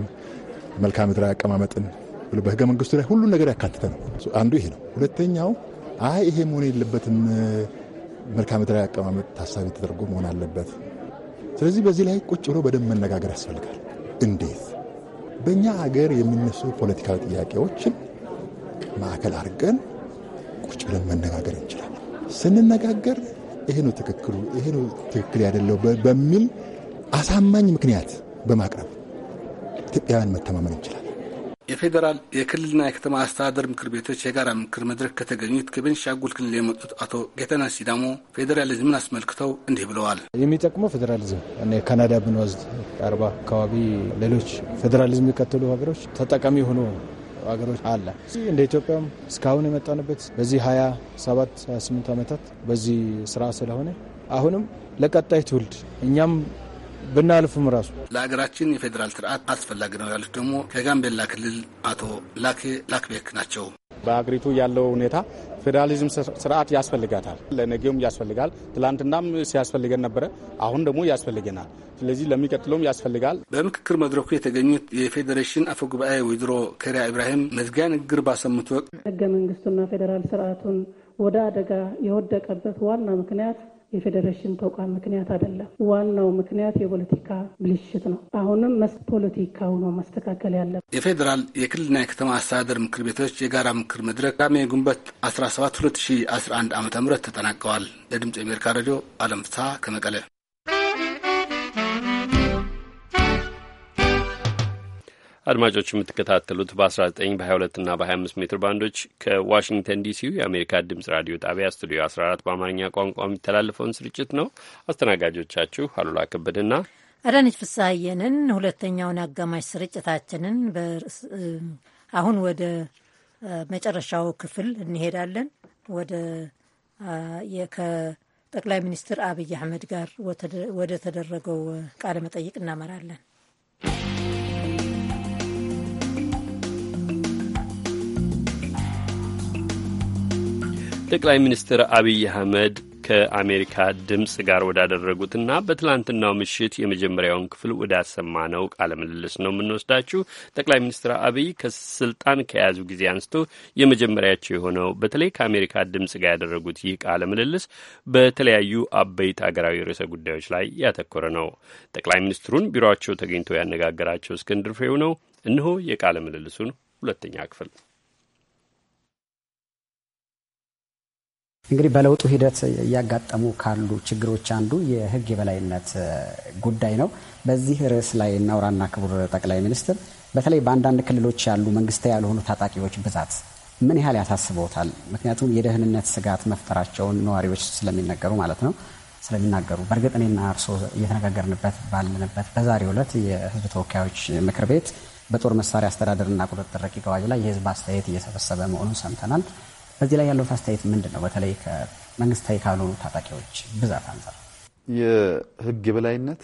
[SPEAKER 10] መልክዓ ምድራዊ አቀማመጥን ብሎ በህገ መንግስቱ ላይ ሁሉን ነገር ያካተተ ነው። አንዱ ይሄ ነው። ሁለተኛው አይ ይሄ መሆን የለበትም መልክዓ ምድራዊ አቀማመጥ ታሳቢ ተደርጎ መሆን አለበት። ስለዚህ በዚህ ላይ ቁጭ ብሎ በደንብ መነጋገር ያስፈልጋል። እንዴት በእኛ ሀገር የሚነሱ ፖለቲካዊ ጥያቄዎችን ማዕከል አድርገን ቁጭ ብለን መነጋገር እንችላለን። ስንነጋገር ይሄ ነው ትክክሉ፣ ይሄ ነው ትክክል ያደለው በሚል አሳማኝ ምክንያት በማቅረብ ኢትዮጵያውያን መተማመን እንችላለን።
[SPEAKER 11] የፌዴራል የክልልና የከተማ አስተዳደር ምክር ቤቶች የጋራ ምክር መድረክ ከተገኙት ከቤንሻንጉል ክልል የመጡት አቶ ጌተነ ሲዳሞ ፌዴራሊዝምን አስመልክተው እንዲህ ብለዋል። የሚጠቅመው ፌዴራሊዝም ካናዳ ብንወስድ አርባ አካባቢ ሌሎች ፌዴራሊዝም የሚከተሉ ሀገሮች ተጠቃሚ የሆኑ ሀገሮች አለ። እንደ ኢትዮጵያም እስካሁን የመጣንበት በዚህ 27 28 ዓመታት በዚህ ስራ ስለሆነ አሁንም ለቀጣይ ትውልድ እኛም ብናልፍም ራሱ ለሀገራችን የፌዴራል ስርዓት አስፈላጊ ነው ያሉት ደግሞ ከጋምቤላ ክልል አቶ ላኬ ላክቤክ ናቸው። በሀገሪቱ ያለው ሁኔታ ፌዴራሊዝም ስርዓት ያስፈልጋታል። ለነገውም ያስፈልጋል። ትላንትናም ሲያስፈልገን ነበረ። አሁን ደግሞ ያስፈልገናል። ስለዚህ ለሚቀጥለውም ያስፈልጋል። በምክክር መድረኩ የተገኙት የፌዴሬሽን አፈ ጉባኤ ወይዘሮ ከሪያ ኢብራሂም መዝጊያ ንግግር ባሰሙት
[SPEAKER 1] ወቅት ህገ መንግስቱና ፌዴራል ስርዓቱን ወደ አደጋ የወደቀበት ዋና ምክንያት የፌዴሬሽን ተቋም ምክንያት አይደለም። ዋናው ምክንያት የፖለቲካ ብልሽት ነው። አሁንም ፖለቲካ ሆኖ ማስተካከል ያለ
[SPEAKER 11] የፌዴራል የክልልና የከተማ አስተዳደር ምክር ቤቶች የጋራ ምክር መድረክ ቅዳሜ ግንቦት 17 2011 ዓ ም ተጠናቀዋል። ለድምፅ የአሜሪካ ሬዲዮ አለም ፍስሀ ከመቀለ
[SPEAKER 3] አድማጮች የምትከታተሉት በ19 በ22 እና በ25 ሜትር ባንዶች ከዋሽንግተን ዲሲው የአሜሪካ ድምጽ ራዲዮ ጣቢያ ስቱዲዮ 14 በአማርኛ ቋንቋ የሚተላለፈውን ስርጭት ነው። አስተናጋጆቻችሁ አሉላ ከበድና
[SPEAKER 1] አዳነች ፍሳየንን ሁለተኛውን አጋማሽ ስርጭታችንን አሁን ወደ መጨረሻው ክፍል እንሄዳለን። ወደ ከጠቅላይ ሚኒስትር አብይ አህመድ ጋር ወደ ተደረገው ቃለ መጠይቅ እናመራለን።
[SPEAKER 3] ጠቅላይ ሚኒስትር አብይ አህመድ ከአሜሪካ ድምፅ ጋር ወዳደረጉትና በትላንትናው ምሽት የመጀመሪያውን ክፍል ወዳሰማ ነው ቃለ ምልልስ ነው የምንወስዳችሁ። ጠቅላይ ሚኒስትር አብይ ከስልጣን ከያዙ ጊዜ አንስቶ የመጀመሪያቸው የሆነው በተለይ ከአሜሪካ ድምፅ ጋር ያደረጉት ይህ ቃለ ምልልስ በተለያዩ አበይት አገራዊ ርዕሰ ጉዳዮች ላይ ያተኮረ ነው። ጠቅላይ ሚኒስትሩን ቢሮቸው ተገኝቶ ያነጋገራቸው እስክንድር ፍሬው ነው። እነሆ የቃለ ምልልሱን ሁለተኛ ክፍል
[SPEAKER 7] እንግዲህ በለውጡ ሂደት እያጋጠሙ ካሉ ችግሮች አንዱ የህግ የበላይነት ጉዳይ ነው። በዚህ ርዕስ ላይ እናውራና ክቡር ጠቅላይ ሚኒስትር፣ በተለይ በአንዳንድ ክልሎች ያሉ መንግስታዊ ያልሆኑ ታጣቂዎች ብዛት ምን ያህል ያሳስበውታል? ምክንያቱም የደህንነት ስጋት መፍጠራቸውን ነዋሪዎች ስለሚነገሩ ማለት ነው ስለሚናገሩ በእርግጥ እኔና እርስዎ እየተነጋገርንበት ባለንበት በዛሬ ዕለት የህዝብ ተወካዮች ምክር ቤት በጦር መሳሪያ አስተዳደርና ቁጥጥር ረቂቅ አዋጅ ላይ የህዝብ አስተያየት እየሰበሰበ መሆኑን ሰምተናል። በዚህ ላይ ያለው አስተያየት ምንድን ነው? በተለይ ከመንግስታዊ ካልሆኑ ታጣቂዎች ብዛት አንጻር
[SPEAKER 2] የህግ የበላይነት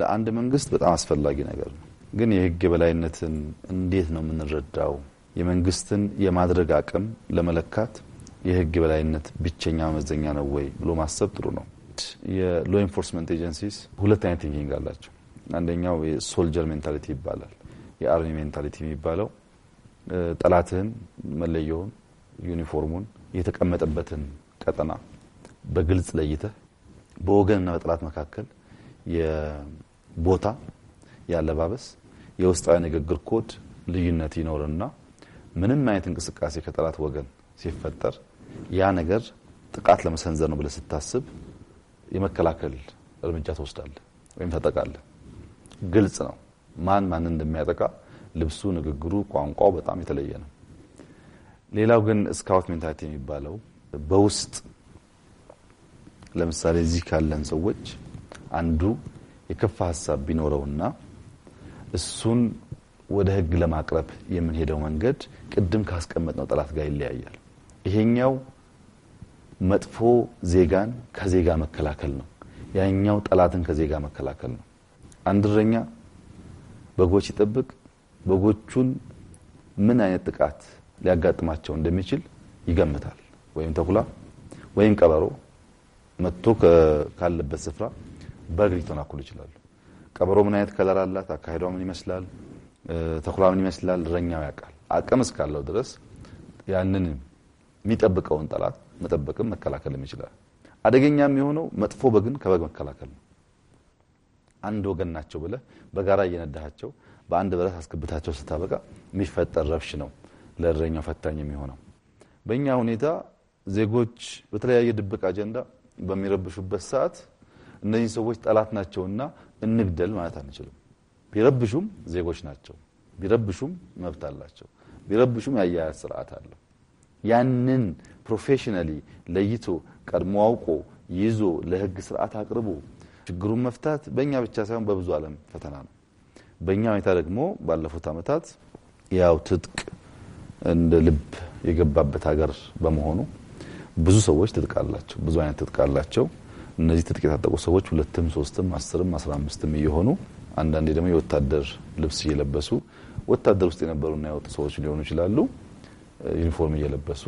[SPEAKER 2] ለአንድ መንግስት በጣም አስፈላጊ ነገር ነው። ግን የህግ የበላይነትን እንዴት ነው የምንረዳው? የመንግስትን የማድረግ አቅም ለመለካት የህግ የበላይነት ብቸኛ መመዘኛ ነው ወይ ብሎ ማሰብ ጥሩ ነው። የሎ ኢንፎርስመንት ኤጀንሲስ ሁለት አይነት ቲንኪንግ አላቸው። አንደኛው የሶልጀር ሜንታሊቲ ይባላል። የአርሚ ሜንታሊቲ የሚባለው ጠላትህን መለየውን ዩኒፎርሙን የተቀመጠበትን ቀጠና በግልጽ ለይተህ በወገንና በጠላት መካከል የቦታ፣ የአለባበስ፣ የውስጣዊ ንግግር ኮድ ልዩነት ይኖርና ምንም አይነት እንቅስቃሴ ከጠላት ወገን ሲፈጠር ያ ነገር ጥቃት ለመሰንዘር ነው ብለህ ስታስብ የመከላከል እርምጃ ትወስዳለህ ወይም ታጠቃለህ። ግልጽ ነው ማን ማንን እንደሚያጠቃ። ልብሱ፣ ንግግሩ፣ ቋንቋው በጣም የተለየ ነው። ሌላው ግን ስካውት ሜንታሊቲ የሚባለው በውስጥ ለምሳሌ እዚህ ካለን ሰዎች አንዱ የከፋ ሀሳብ ቢኖረውና እሱን ወደ ህግ ለማቅረብ የምንሄደው መንገድ ቅድም ካስቀመጥነው ጠላት ጋር ይለያያል። ይሄኛው መጥፎ ዜጋን ከዜጋ መከላከል ነው። ያኛው ጠላትን ከዜጋ መከላከል ነው። አንድ እረኛ በጎች ይጠብቅ፣ በጎቹን ምን አይነት ጥቃት ሊያጋጥማቸው እንደሚችል ይገምታል። ወይም ተኩላ ወይም ቀበሮ መጥቶ ካለበት ስፍራ በግ ሊተናኩል ይችላሉ። ቀበሮ ምን አይነት ከለር አላት፣ አካሄዷ ምን ይመስላል፣ ተኩላ ምን ይመስላል፣ እረኛው ያውቃል። አቅም እስካለው ድረስ ያንን የሚጠብቀውን ጠላት መጠበቅም መከላከልም ይችላል። አደገኛ የሚሆነው መጥፎ በግን ከበግ መከላከል ነው። አንድ ወገን ናቸው ብለህ በጋራ እየነዳሃቸው በአንድ በረት አስገብታቸው ስታበቃ የሚፈጠር ረብሽ ነው። ለእረኛው ፈታኝ የሚሆነው። በእኛ ሁኔታ ዜጎች በተለያየ ድብቅ አጀንዳ በሚረብሹበት ሰዓት እነዚህ ሰዎች ጠላት ናቸውና እንግደል ማለት አንችልም። ቢረብሹም ዜጎች ናቸው። ቢረብሹም መብት አላቸው። ቢረብሹም የአያያዝ ስርዓት አለው። ያንን ፕሮፌሽናሊ ለይቶ ቀድሞ አውቆ ይዞ ለህግ ስርዓት አቅርቦ ችግሩን መፍታት በእኛ ብቻ ሳይሆን በብዙ ዓለም ፈተና ነው። በእኛ ሁኔታ ደግሞ ባለፉት ዓመታት ያው ትጥቅ እንደ ልብ የገባበት ሀገር በመሆኑ ብዙ ሰዎች ትጥቅ አላቸው፣ ብዙ አይነት ትጥቅ አላቸው። እነዚህ ትጥቅ የታጠቁ ሰዎች ሁለትም፣ ሶስትም፣ አስርም፣ አስራ አምስትም እየሆኑ አንዳንዴ ደግሞ የወታደር ልብስ እየለበሱ ወታደር ውስጥ የነበሩና የወጡ ሰዎች ሊሆኑ ይችላሉ። ዩኒፎርም እየለበሱ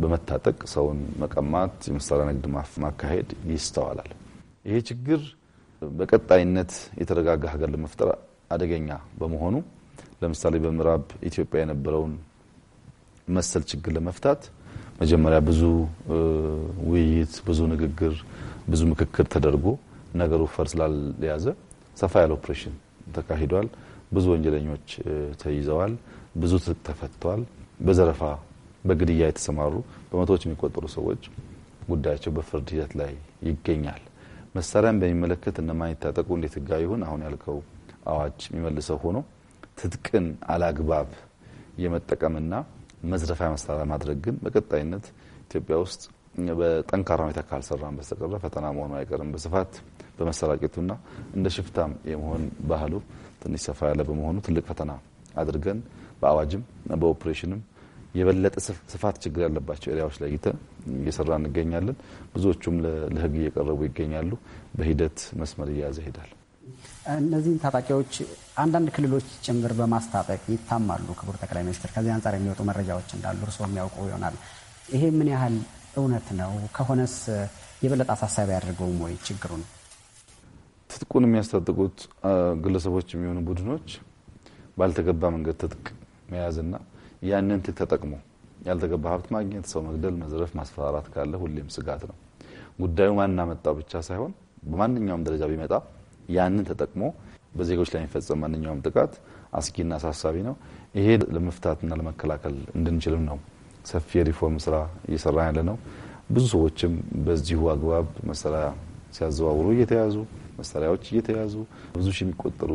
[SPEAKER 2] በመታጠቅ ሰውን መቀማት፣ የመሳሪያ ንግድ ማካሄድ ይስተዋላል። ይሄ ችግር በቀጣይነት የተረጋጋ ሀገር ለመፍጠር አደገኛ በመሆኑ ለምሳሌ በምዕራብ ኢትዮጵያ የነበረውን መሰል ችግር ለመፍታት መጀመሪያ ብዙ ውይይት፣ ብዙ ንግግር፣ ብዙ ምክክር ተደርጎ ነገሩ ፈር ስላልያዘ ሰፋ ያለ ኦፕሬሽን ተካሂዷል። ብዙ ወንጀለኞች ተይዘዋል። ብዙ ተፈትተዋል። በዘረፋ በግድያ የተሰማሩ በመቶዎች የሚቆጠሩ ሰዎች ጉዳያቸው በፍርድ ሂደት ላይ ይገኛል። መሳሪያን በሚመለከት እነማን ይታጠቁ እንዴት ህጋዊ ይሁን አሁን ያልከው አዋጅ የሚመልሰው ሆኖ ትጥቅን አላግባብ የመጠቀምና መዝረፊያ መሳሪያ ማድረግ ግን በቀጣይነት ኢትዮጵያ ውስጥ በጠንካራ ሁኔታ ካልሰራን በስተቀረ ፈተና መሆኑ አይቀርም። በስፋት በመሰራጨቱና እንደ ሽፍታም የመሆን ባህሉ ትንሽ ሰፋ ያለ በመሆኑ ትልቅ ፈተና አድርገን በአዋጅም በኦፕሬሽንም የበለጠ ስፋት ችግር ያለባቸው ኤሪያዎች ለይተ እየሰራ እንገኛለን። ብዙዎቹም ለህግ እየቀረቡ ይገኛሉ። በሂደት መስመር እየያዘ ይሄዳል።
[SPEAKER 7] እነዚህን ታጣቂዎች አንዳንድ ክልሎች ጭምር በማስታጠቅ ይታማሉ። ክቡር ጠቅላይ ሚኒስትር፣ ከዚህ አንጻር የሚወጡ መረጃዎች እንዳሉ እርስዎ የሚያውቁ ይሆናል። ይሄ ምን ያህል እውነት ነው? ከሆነስ የበለጠ አሳሳቢ ያደርገውም ወይ? ችግሩን
[SPEAKER 2] ትጥቁን የሚያስታጥቁት ግለሰቦች የሚሆኑ ቡድኖች ባልተገባ መንገድ ትጥቅ መያዝና ያንን ትጥቅ ተጠቅሞ ያልተገባ ሀብት ማግኘት፣ ሰው መግደል፣ መዝረፍ፣ ማስፈራራት ካለ ሁሌም ስጋት ነው። ጉዳዩ ማናመጣው ብቻ ሳይሆን በማንኛውም ደረጃ ቢመጣ ያንን ተጠቅሞ በዜጎች ላይ የሚፈጸም ማንኛውም ጥቃት አስጊና አሳሳቢ ነው። ይሄ ለመፍታትና ለመከላከል እንድንችልም ነው ሰፊ የሪፎርም ስራ እየሰራ ያለ ነው። ብዙ ሰዎችም በዚሁ አግባብ መሳሪያ ሲያዘዋውሩ እየተያዙ መሳሪያዎች እየተያዙ ብዙ ሺህ የሚቆጠሩ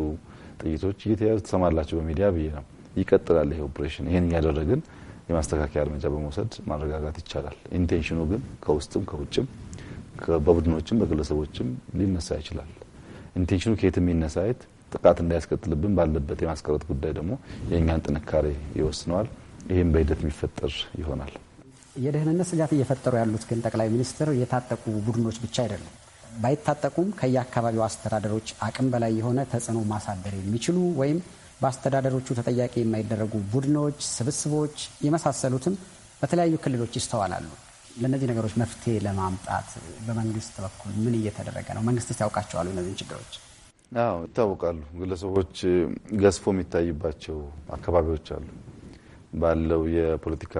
[SPEAKER 2] ጥይቶች እየተያዙ ትሰማላቸው በሚዲያ ብዬ ነው። ይቀጥላል ይሄ ኦፕሬሽን። ይህን እያደረግን የማስተካከያ እርምጃ በመውሰድ ማረጋጋት ይቻላል። ኢንቴንሽኑ ግን ከውስጥም ከውጭም በቡድኖችም በግለሰቦችም ሊነሳ ይችላል። ኢንቴንሽኑ ከየት የሚነሳየት ጥቃት እንዳያስቀጥልብን ባለበት የማስቀረት ጉዳይ ደግሞ የእኛን ጥንካሬ ይወስነዋል። ይህም በሂደት የሚፈጠር ይሆናል።
[SPEAKER 7] የደህንነት ስጋት እየፈጠሩ ያሉት ግን ጠቅላይ ሚኒስትር የታጠቁ ቡድኖች ብቻ አይደሉም። ባይታጠቁም ከየአካባቢው አስተዳደሮች አቅም በላይ የሆነ ተጽዕኖ ማሳደር የሚችሉ ወይም በአስተዳደሮቹ ተጠያቂ የማይደረጉ ቡድኖች፣ ስብስቦች የመሳሰሉትም በተለያዩ ክልሎች ይስተዋላሉ። ለእነዚህ ነገሮች መፍትሄ ለማምጣት በመንግስት በኩል ምን እየተደረገ ነው? መንግስትስ ያውቃቸዋሉ እነዚህን ችግሮች?
[SPEAKER 2] አዎ ይታወቃሉ። ግለሰቦች ገዝፎ የሚታይባቸው አካባቢዎች አሉ። ባለው የፖለቲካ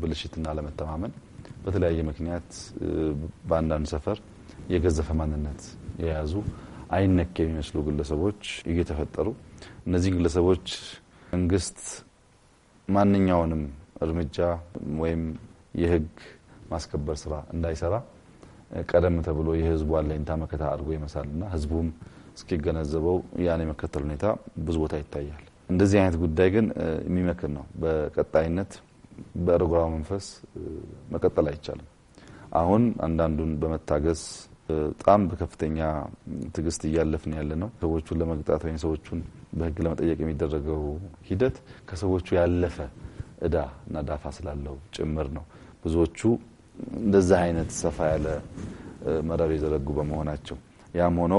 [SPEAKER 2] ብልሽትና አለመተማመን በተለያየ ምክንያት በአንዳንድ ሰፈር የገዘፈ ማንነት የያዙ አይነክ የሚመስሉ ግለሰቦች እየተፈጠሩ እነዚህን ግለሰቦች መንግስት ማንኛውንም እርምጃ ወይም የህግ ማስከበር ስራ እንዳይሰራ ቀደም ተብሎ የህዝቡ አለኝታ መከታ አድርጎ ይመሳልና ህዝቡም እስኪገነዘበው ያን የመከተል ሁኔታ ብዙ ቦታ ይታያል። እንደዚህ አይነት ጉዳይ ግን የሚመክን ነው። በቀጣይነት በእርጓ መንፈስ መቀጠል አይቻልም። አሁን አንዳንዱን በመታገስ በጣም በከፍተኛ ትግስት እያለፍን ያለ ነው። ሰዎቹን ለመቅጣት ወይም ሰዎቹን በህግ ለመጠየቅ የሚደረገው ሂደት ከሰዎቹ ያለፈ እዳ እና ዳፋ ስላለው ጭምር ነው ብዙዎቹ እንደዛ አይነት ሰፋ ያለ መረብ የዘረጉ በመሆናቸው ያም ሆኖ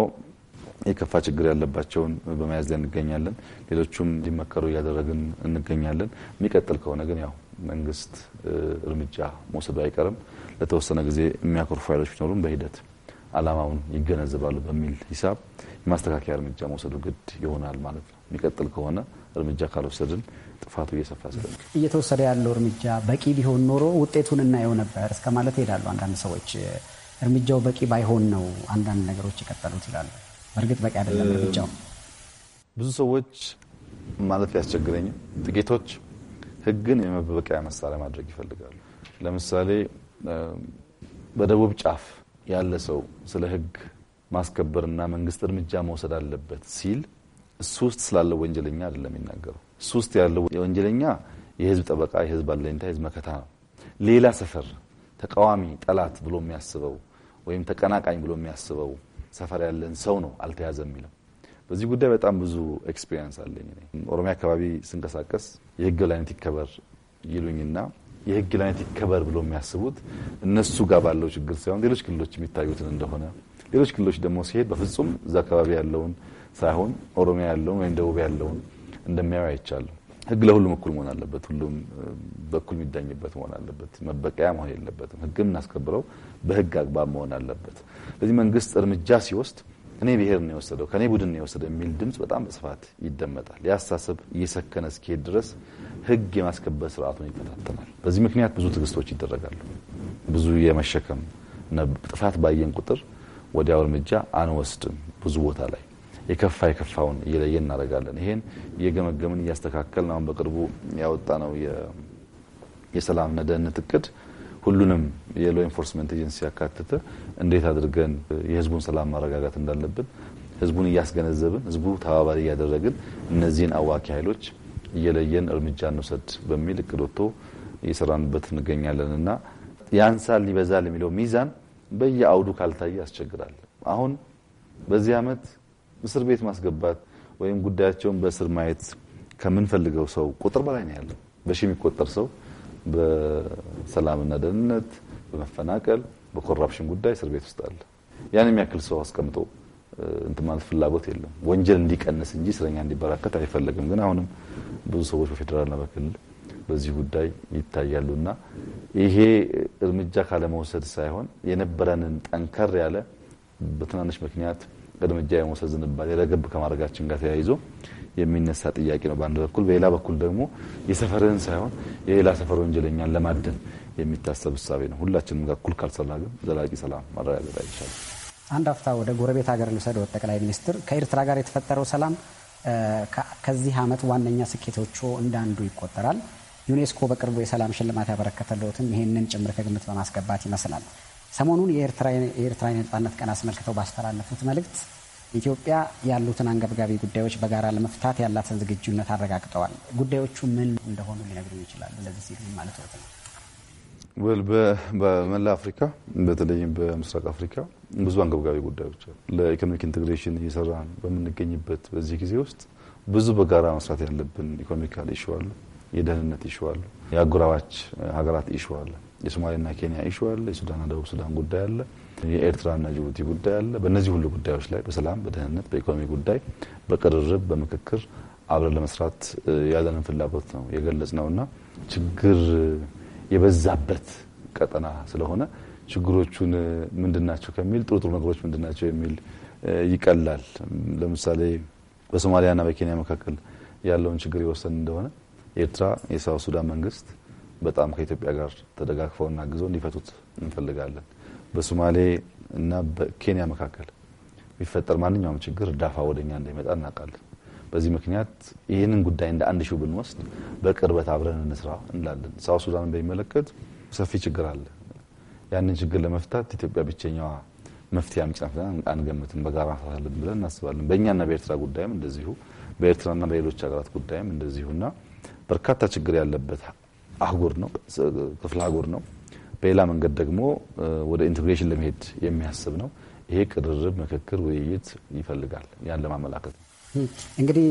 [SPEAKER 2] የከፋ ችግር ያለባቸውን በመያዝ ላይ እንገኛለን። ሌሎቹም እንዲመከሩ እያደረግን እንገኛለን። የሚቀጥል ከሆነ ግን ያው መንግስት እርምጃ መውሰዱ አይቀርም። ለተወሰነ ጊዜ የሚያኮርፉ ኃይሎች ቢኖሩም በሂደት አላማውን ይገነዘባሉ በሚል ሂሳብ የማስተካከያ እርምጃ መውሰዱ ግድ ይሆናል ማለት ነው። የሚቀጥል ከሆነ እርምጃ ካልወሰድን ጥፋቱ እየሰፋ ስለ
[SPEAKER 7] እየተወሰደ ያለው እርምጃ በቂ ቢሆን ኖሮ ውጤቱን እናየው ነበር እስከ ማለት ይሄዳሉ አንዳንድ ሰዎች። እርምጃው በቂ ባይሆን ነው አንዳንድ ነገሮች የቀጠሉት ይላሉ። በእርግጥ በቂ አይደለም እርምጃው።
[SPEAKER 2] ብዙ ሰዎች ማለት ቢያስቸግረኝም ጥቂቶች ህግን የመበቀያ መሳሪያ ማድረግ ይፈልጋሉ። ለምሳሌ በደቡብ ጫፍ ያለ ሰው ስለ ህግ ማስከበርና መንግስት እርምጃ መውሰድ አለበት ሲል እሱ ውስጥ ስላለው ወንጀለኛ አይደለም የሚናገረው ሶስት ያለው የወንጀለኛ የህዝብ ጠበቃ፣ የህዝብ አለኝታ፣ የህዝብ መከታ ነው። ሌላ ሰፈር ተቃዋሚ ጠላት ብሎ የሚያስበው ወይም ተቀናቃኝ ብሎ የሚያስበው ሰፈር ያለን ሰው ነው አልተያዘም የሚለው። በዚህ ጉዳይ በጣም ብዙ ኤክስፔሪንስ አለኝ። ኦሮሚያ አካባቢ ስንቀሳቀስ የህግ የበላይነት ይከበር ይሉኝና የህግ የበላይነት ይከበር ብሎ የሚያስቡት እነሱ ጋር ባለው ችግር ሳይሆን ሌሎች ክልሎች የሚታዩትን እንደሆነ፣ ሌሎች ክልሎች ደግሞ ሲሄድ በፍጹም እዛ አካባቢ ያለውን ሳይሆን ኦሮሚያ ያለውን ወይም ደቡብ ያለውን እንደሚያዩ አይቻለሁ። ህግ ለሁሉም እኩል መሆን አለበት። ሁሉም በኩል የሚዳኝበት መሆን አለበት። መበቀያ መሆን የለበትም። ህግ እናስከብረው፣ በህግ አግባብ መሆን አለበት። ስለዚህ መንግስት እርምጃ ሲወስድ እኔ ብሔር ነው የወሰደው ከኔ ቡድን ነው የወሰደው የሚል ድምጽ በጣም በስፋት ይደመጣል። ያሳሰብ እየሰከነ እስኪሄድ ድረስ ህግ የማስከበር ስርዓቱን ይፈታተናል። በዚህ ምክንያት ብዙ ትግስቶች ይደረጋሉ። ብዙ የመሸከም ጥፋት ባየን ቁጥር ወዲያው እርምጃ አንወስድም ብዙ ቦታ ላይ የከፋ የከፋውን እየለየ እናደርጋለን። ይሄን እየገመገምን እያስተካከልን አሁን በቅርቡ ያወጣ ነው የሰላምና ደህንነት እቅድ ሁሉንም የሎ ኢንፎርስመንት ኤጀንሲ ያካተተ እንዴት አድርገን የህዝቡን ሰላም ማረጋጋት እንዳለብን ህዝቡን እያስገነዘብን ህዝቡ ተባባሪ እያደረግን እነዚህን አዋኪ ኃይሎች እየለየን እርምጃ እንውሰድ በሚል እቅድ ወጥቶ እየሰራንበት እንገኛለን እና ያንሳል ይበዛል የሚለው ሚዛን በየአውዱ ካልታየ ያስቸግራል። አሁን በዚህ አመት እስር ቤት ማስገባት ወይም ጉዳያቸውን በእስር ማየት ከምንፈልገው ሰው ቁጥር በላይ ነው ያለው። በሺህ የሚቆጠር ሰው በሰላምና ደህንነት፣ በመፈናቀል፣ በኮራፕሽን ጉዳይ እስር ቤት ውስጥ አለ። ያን የሚያክል ሰው አስቀምጦ እንት ማለት ፍላጎት የለም። ወንጀል እንዲቀንስ እንጂ እስረኛ እንዲበራከት አይፈለግም። ግን አሁንም ብዙ ሰዎች በፌዴራልና በክልል በዚህ ጉዳይ ይታያሉና ይሄ እርምጃ ካለመውሰድ ሳይሆን የነበረንን ጠንከር ያለ በትናንሽ ምክንያት እርምጃ የመውሰድ ዝንባሌ ረገብ ከማድረጋችን ጋር ተያይዞ የሚነሳ ጥያቄ ነው በአንድ በኩል። በሌላ በኩል ደግሞ የሰፈርህን ሳይሆን የሌላ ሰፈር ወንጀለኛን ለማደን የሚታሰብ እሳቤ ነው። ሁላችንም ጋር እኩል ካልሰራ ግን ዘላቂ ሰላም ማረጋገጥ
[SPEAKER 7] አይቻልም። አንድ አፍታ ወደ ጎረቤት ሀገር ልውሰድ። ጠቅላይ ሚኒስትር ከኤርትራ ጋር የተፈጠረው ሰላም ከዚህ ዓመት ዋነኛ ስኬቶቹ እንዳንዱ ይቆጠራል። ዩኔስኮ በቅርቡ የሰላም ሽልማት ያበረከተለትም ይህንን ጭምር ከግምት በማስገባት ይመስላል። ሰሞኑን የኤርትራ የነጻነት ቀን አስመልክተው ባስተላለፉት መልእክት ኢትዮጵያ ያሉትን አንገብጋቢ ጉዳዮች በጋራ ለመፍታት ያላትን ዝግጁነት አረጋግጠዋል። ጉዳዮቹ ምን እንደሆኑ ሊነግሩ ይችላሉ? እንደዚህ ሲል ማለት ነው?
[SPEAKER 2] ወል በመላ አፍሪካ በተለይም በምስራቅ አፍሪካ ብዙ አንገብጋቢ ጉዳዮች አሉ። ለኢኮኖሚክ ኢንቴግሬሽን እየሰራን በምንገኝበት በዚህ ጊዜ ውስጥ ብዙ በጋራ መስራት ያለብን ኢኮኖሚካል ኢሹ የደህንነት ኢሹ አሉ፣ የአጎራባች ሀገራት ኢሹ የሶማሌና ኬንያ ኢሹ አለ። የሱዳንና ደቡብ ሱዳን ጉዳይ አለ። የኤርትራና ጅቡቲ ጉዳይ አለ። በእነዚህ ሁሉ ጉዳዮች ላይ በሰላም፣ በደህንነት፣ በኢኮኖሚ ጉዳይ በቅርርብ በምክክር አብረን ለመስራት ያለንን ፍላጎት ነው የገለጽ ነውና ችግር የበዛበት ቀጠና ስለሆነ ችግሮቹን ምንድናቸው ከሚል ጥሩ ጥሩ ነገሮች ምንድናቸው የሚል ይቀላል። ለምሳሌ በሶማሊያና በኬንያ መካከል ያለውን ችግር የወሰን እንደሆነ ኤርትራ የሳውት ሱዳን መንግስት በጣም ከኢትዮጵያ ጋር ተደጋግፈውና አግዘው እንዲፈቱት እንፈልጋለን። በሶማሌ እና በኬንያ መካከል ቢፈጠር ማንኛውም ችግር ዳፋ ወደኛ እኛ እንደሚመጣ እናውቃለን። በዚህ ምክንያት ይህንን ጉዳይ እንደ አንድ ሺው ብንወስድ በቅርበት አብረን እንስራ እንላለን። ሳውት ሱዳንን በሚመለከት ሰፊ ችግር አለ። ያንን ችግር ለመፍታት ኢትዮጵያ ብቸኛዋ መፍትሄ አምጪ ናት አንገምትም። በጋራ መፍታታለን ብለን እናስባለን። በእኛና በኤርትራ ጉዳይም እንደዚሁ፣ በኤርትራና በሌሎች ሀገራት ጉዳይም እንደዚሁና በርካታ ችግር ያለበት አህጉር ነው፣ ክፍለ አህጉር ነው። በሌላ መንገድ ደግሞ ወደ ኢንቴግሬሽን ለመሄድ የሚያስብ ነው። ይሄ ቅርርብ፣ ምክክር፣ ውይይት ይፈልጋል። ያን ለማመላከት ነው።
[SPEAKER 7] እንግዲህ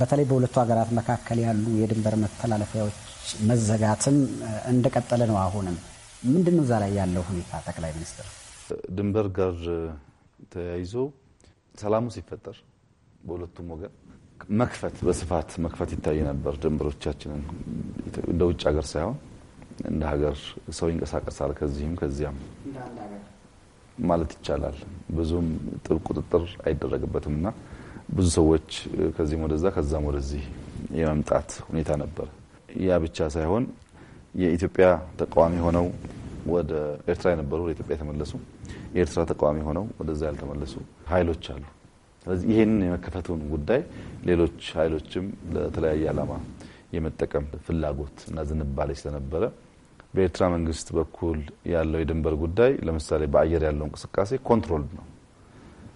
[SPEAKER 7] በተለይ በሁለቱ ሀገራት መካከል ያሉ የድንበር መተላለፊያዎች መዘጋትም እንደቀጠለ ነው። አሁንም ምንድን ነው እዛ ላይ ያለው ሁኔታ? ጠቅላይ ሚኒስትር
[SPEAKER 2] ድንበር ጋር ተያይዞ ሰላሙ ሲፈጠር በሁለቱም ወገን መክፈት በስፋት መክፈት ይታይ ነበር። ድንበሮቻችንን እንደ ውጭ ሀገር ሳይሆን እንደ ሀገር ሰው ይንቀሳቀሳል ከዚህም ከዚያም ማለት ይቻላል። ብዙም ጥብቅ ቁጥጥር አይደረግበትም እና ብዙ ሰዎች ከዚህም ወደዛ ከዛም ወደዚህ የመምጣት ሁኔታ ነበር። ያ ብቻ ሳይሆን የኢትዮጵያ ተቃዋሚ ሆነው ወደ ኤርትራ የነበሩ ወደ ኢትዮጵያ የተመለሱ፣ የኤርትራ ተቃዋሚ ሆነው ወደዛ ያልተመለሱ ሀይሎች አሉ። ስለዚህ ይሄንን የመከታተሉን ጉዳይ ሌሎች ኃይሎችም ለተለያየ ዓላማ የመጠቀም ፍላጎት እና ዝንባሌ ስለነበረ በኤርትራ መንግስት በኩል ያለው የድንበር ጉዳይ ለምሳሌ በአየር ያለው እንቅስቃሴ ኮንትሮልድ ነው።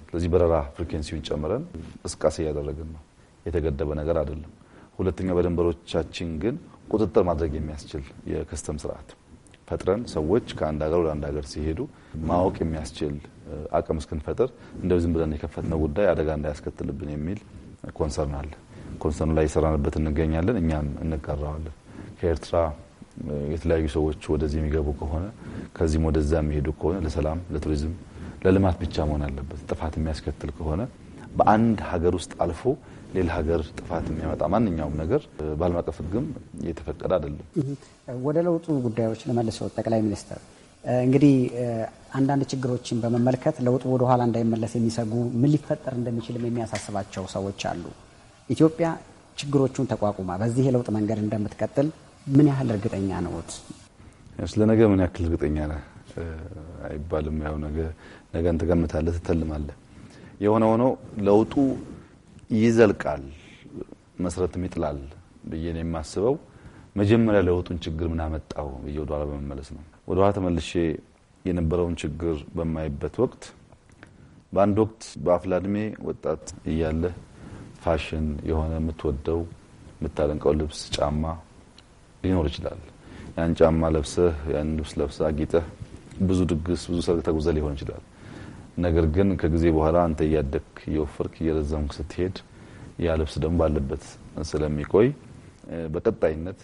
[SPEAKER 2] ስለዚህ በረራ ፍሪኬንሲውን ጨምረን እንቅስቃሴ እያደረግን ነው። የተገደበ ነገር አይደለም። ሁለተኛ በድንበሮቻችን ግን ቁጥጥር ማድረግ የሚያስችል የከስተም ስርዓት ፈጥረን ሰዎች ከአንድ ሀገር ወደ አንድ ሀገር ሲሄዱ ማወቅ የሚያስችል አቅም እስክንፈጥር እንደ ዝም ብለን የከፈትነው ጉዳይ አደጋ እንዳያስከትልብን የሚል ኮንሰርን አለ። ኮንሰርኑ ላይ የሰራንበት እንገኛለን። እኛም እንቀራዋለን። ከኤርትራ የተለያዩ ሰዎች ወደዚህ የሚገቡ ከሆነ ከዚህም ወደዛ የሚሄዱ ከሆነ ለሰላም፣ ለቱሪዝም፣ ለልማት ብቻ መሆን አለበት። ጥፋት የሚያስከትል ከሆነ በአንድ ሀገር ውስጥ አልፎ ሌላ ሀገር ጥፋት የሚያመጣ ማንኛውም ነገር በዓለም አቀፍ ሕግም የተፈቀደ አይደለም።
[SPEAKER 7] ወደ ለውጡ ጉዳዮች ለመልሰው ጠቅላይ ሚኒስትር እንግዲህ አንዳንድ ችግሮችን በመመልከት ለውጥ ወደ ኋላ እንዳይመለስ የሚሰጉ ምን ሊፈጠር እንደሚችልም የሚያሳስባቸው ሰዎች አሉ። ኢትዮጵያ ችግሮቹን ተቋቁማ በዚህ የለውጥ መንገድ እንደምትቀጥል ምን ያህል እርግጠኛ ነዎት?
[SPEAKER 2] ስለ ነገ ምን ያክል እርግጠኛ ነህ አይባልም። ያው ነገ ነገን ትገምታለህ፣ ትተልማለህ። የሆነ ሆኖ ለውጡ ይዘልቃል፣ መሰረትም ይጥላል ብዬ ነው የማስበው። መጀመሪያ ለውጡን ችግር ምን አመጣው ብዬ ወደኋላ በመመለስ ነው። ወደኋላ ተመልሼ የነበረውን ችግር በማይበት ወቅት በአንድ ወቅት በአፍላ እድሜ ወጣት እያለህ ፋሽን የሆነ የምትወደው የምታደንቀው ልብስ፣ ጫማ ሊኖር ይችላል። ያን ጫማ ለብሰህ ያን ልብስ ለብሰህ አጊጠህ ብዙ ድግስ፣ ብዙ ሰርግ ተጉዘ ሊሆን ይችላል። ነገር ግን ከጊዜ በኋላ አንተ እያደግክ እየወፈርክ እየረዘምክ ስትሄድ ያ ልብስ ደግሞ ባለበት ስለሚቆይ በቀጣይነት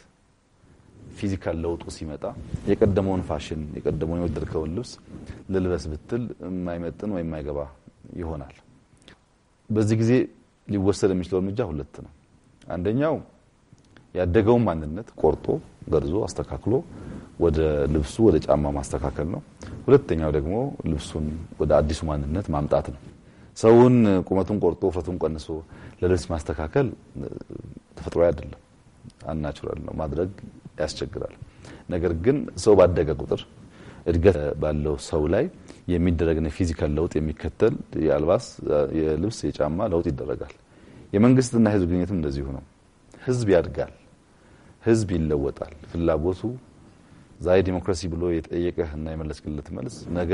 [SPEAKER 2] ፊዚካል ለውጡ ሲመጣ የቀደመውን ፋሽን የቀደመውን የወደድከውን ልብስ ልልበስ ብትል የማይመጥን ወይም የማይገባ ይሆናል። በዚህ ጊዜ ሊወሰድ የሚችለው እርምጃ ሁለት ነው። አንደኛው ያደገውን ማንነት ቆርጦ ገርዞ አስተካክሎ ወደ ልብሱ ወደ ጫማ ማስተካከል ነው። ሁለተኛው ደግሞ ልብሱን ወደ አዲሱ ማንነት ማምጣት ነው። ሰውን ቁመቱን ቆርጦ ውፍረቱን ቀንሶ ለልብስ ማስተካከል ተፈጥሮ አይደለም፣ አናቹራል ነው ማድረግ ያስቸግራል። ነገር ግን ሰው ባደገ ቁጥር እድገት ባለው ሰው ላይ የሚደረግ የፊዚካል ለውጥ የሚከተል የአልባስ፣ የልብስ፣ የጫማ ለውጥ ይደረጋል። የመንግስትና የህዝብ ግንኙነትም እንደዚሁ ነው። ህዝብ ያድጋል፣ ህዝብ ይለወጣል። ፍላጎቱ ዛሬ ዲሞክራሲ ብሎ የጠየቀህ እና የመለስክለት መልስ ነገ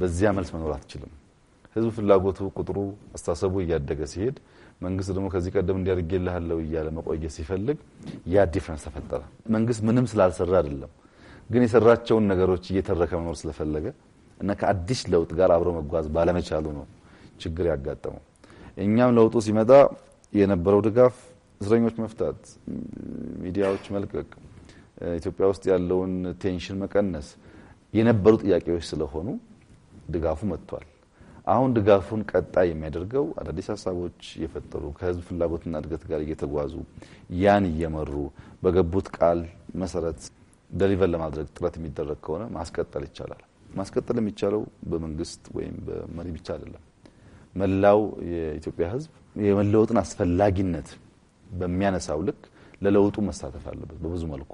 [SPEAKER 2] በዚያ መልስ መኖር አትችልም። ህዝብ ፍላጎቱ፣ ቁጥሩ፣ አስተሳሰቡ እያደገ ሲሄድ መንግስት ደግሞ ከዚህ ቀደም እንዲያደርግልሃለው እያለ መቆየት ሲፈልግ ያ ዲፍረንስ ተፈጠረ። መንግስት ምንም ስላልሰራ አይደለም፣ ግን የሰራቸውን ነገሮች እየተረከ መኖር ስለፈለገ እና ከአዲስ ለውጥ ጋር አብሮ መጓዝ ባለመቻሉ ነው ችግር ያጋጠመው። እኛም ለውጡ ሲመጣ የነበረው ድጋፍ እስረኞች መፍታት፣ ሚዲያዎች መልቀቅ፣ ኢትዮጵያ ውስጥ ያለውን ቴንሽን መቀነስ የነበሩ ጥያቄዎች ስለሆኑ ድጋፉ መጥቷል። አሁን ድጋፉን ቀጣይ የሚያደርገው አዳዲስ ሀሳቦች እየፈጠሩ ከህዝብ ፍላጎትና እድገት ጋር እየተጓዙ ያን እየመሩ በገቡት ቃል መሰረት ደሊቨር ለማድረግ ጥረት የሚደረግ ከሆነ ማስቀጠል ይቻላል። ማስቀጠል የሚቻለው በመንግስት ወይም በመሪ ብቻ አይደለም። መላው የኢትዮጵያ ህዝብ የመለወጥን አስፈላጊነት በሚያነሳው ልክ ለለውጡ መሳተፍ አለበት። በብዙ መልኩ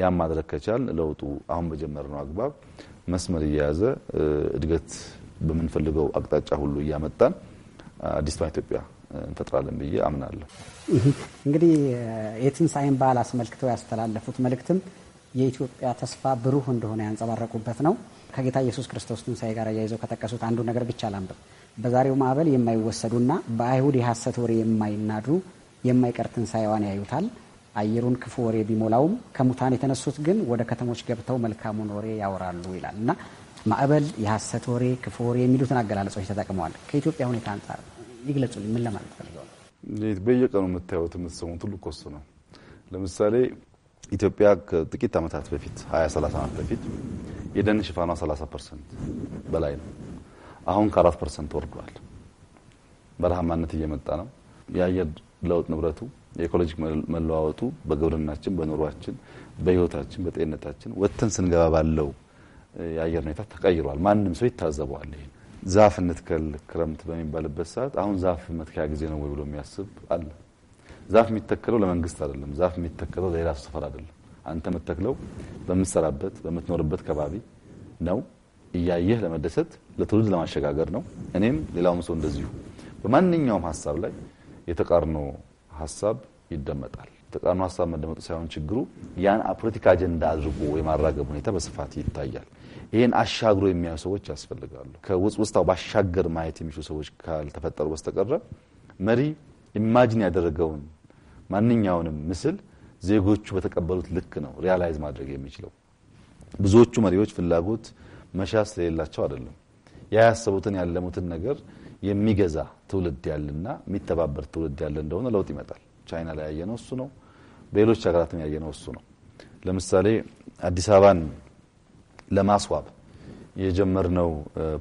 [SPEAKER 2] ያም ማድረግ ከቻል ለውጡ አሁን በጀመርነው አግባብ መስመር እየያዘ እድገት በምንፈልገው አቅጣጫ ሁሉ እያመጣን አዲስቷ ኢትዮጵያ እንፈጥራለን ብዬ አምናለሁ።
[SPEAKER 7] እንግዲህ የትንሣኤን በዓል አስመልክተው ያስተላለፉት መልእክትም የኢትዮጵያ ተስፋ ብሩህ እንደሆነ ያንጸባረቁበት ነው። ከጌታ ኢየሱስ ክርስቶስ ትንሣኤ ጋር አያይዘው ከጠቀሱት አንዱ ነገር ብቻ ላንብብ። በዛሬው ማዕበል የማይወሰዱና በአይሁድ የሐሰት ወሬ የማይናዱ የማይቀር ትንሣኤዋን ያዩታል። አየሩን ክፉ ወሬ ቢሞላውም ከሙታን የተነሱት ግን ወደ ከተሞች ገብተው መልካሙን ወሬ ያወራሉ ይላል እና ማዕበል፣ የሐሰት ወሬ፣ ክፉ ወሬ የሚሉትን አገላለጾች ተጠቅመዋል። ከኢትዮጵያ ሁኔታ አንጻር ይግለጹልኝ። ምን ለማለት ፈልገዋል?
[SPEAKER 2] በየቀኑ የምታዩት የምትሰሙት ሁሉ ኮሱ ነው። ለምሳሌ ኢትዮጵያ ከጥቂት ዓመታት በፊት 23 ዓመት በፊት የደን ሽፋኗ 30 ፐርሰንት በላይ ነው። አሁን ከ4 ፐርሰንት ወርዷል። በረሃማነት እየመጣ ነው። የአየር ለውጥ ንብረቱ የኢኮሎጂክ መለዋወጡ በግብርናችን፣ በኑሯችን፣ በህይወታችን፣ በጤንነታችን ወጥተን ስንገባ ባለው የአየር ሁኔታ ተቀይሯል። ማንም ሰው ይታዘበዋል። ይሄን ዛፍ እንትከል ክረምት በሚባልበት ሰዓት አሁን ዛፍ መትከያ ጊዜ ነው ወይ ብሎ የሚያስብ አለ። ዛፍ የሚተከለው ለመንግስት አይደለም። ዛፍ የሚተከለው ለሌላ ሰፈር አይደለም። አንተ የምትተክለው በምትሰራበት በምትኖርበት ከባቢ ነው። እያየህ ለመደሰት ለትውልድ ለማሸጋገር ነው። እኔም ሌላውም ሰው እንደዚሁ በማንኛውም ሀሳብ ላይ የተቃርኖ ሀሳብ ይደመጣል። የተቃርኖ ሀሳብ መደመጡ ሳይሆን ችግሩ ያን ፖለቲካ አጀንዳ አድርጎ የማራገብ ሁኔታ በስፋት ይታያል። ይህን አሻግሮ የሚያዩ ሰዎች ያስፈልጋሉ። ከውስጣው ባሻገር ማየት የሚችሉ ሰዎች ካልተፈጠሩ በስተቀረ መሪ ኢማጂን ያደረገውን ማንኛውንም ምስል ዜጎቹ በተቀበሉት ልክ ነው ሪያላይዝ ማድረግ የሚችለው። ብዙዎቹ መሪዎች ፍላጎት መሻ ስለሌላቸው አይደለም። ያያሰቡትን ያለሙትን ነገር የሚገዛ ትውልድ ያለና የሚተባበር ትውልድ ያለ እንደሆነ ለውጥ ይመጣል። ቻይና ላይ ያየነው እሱ ነው። በሌሎች ሀገራትም ያየነው እሱ ነው። ለምሳሌ አዲስ አበባን ለማስዋብ የጀመርነው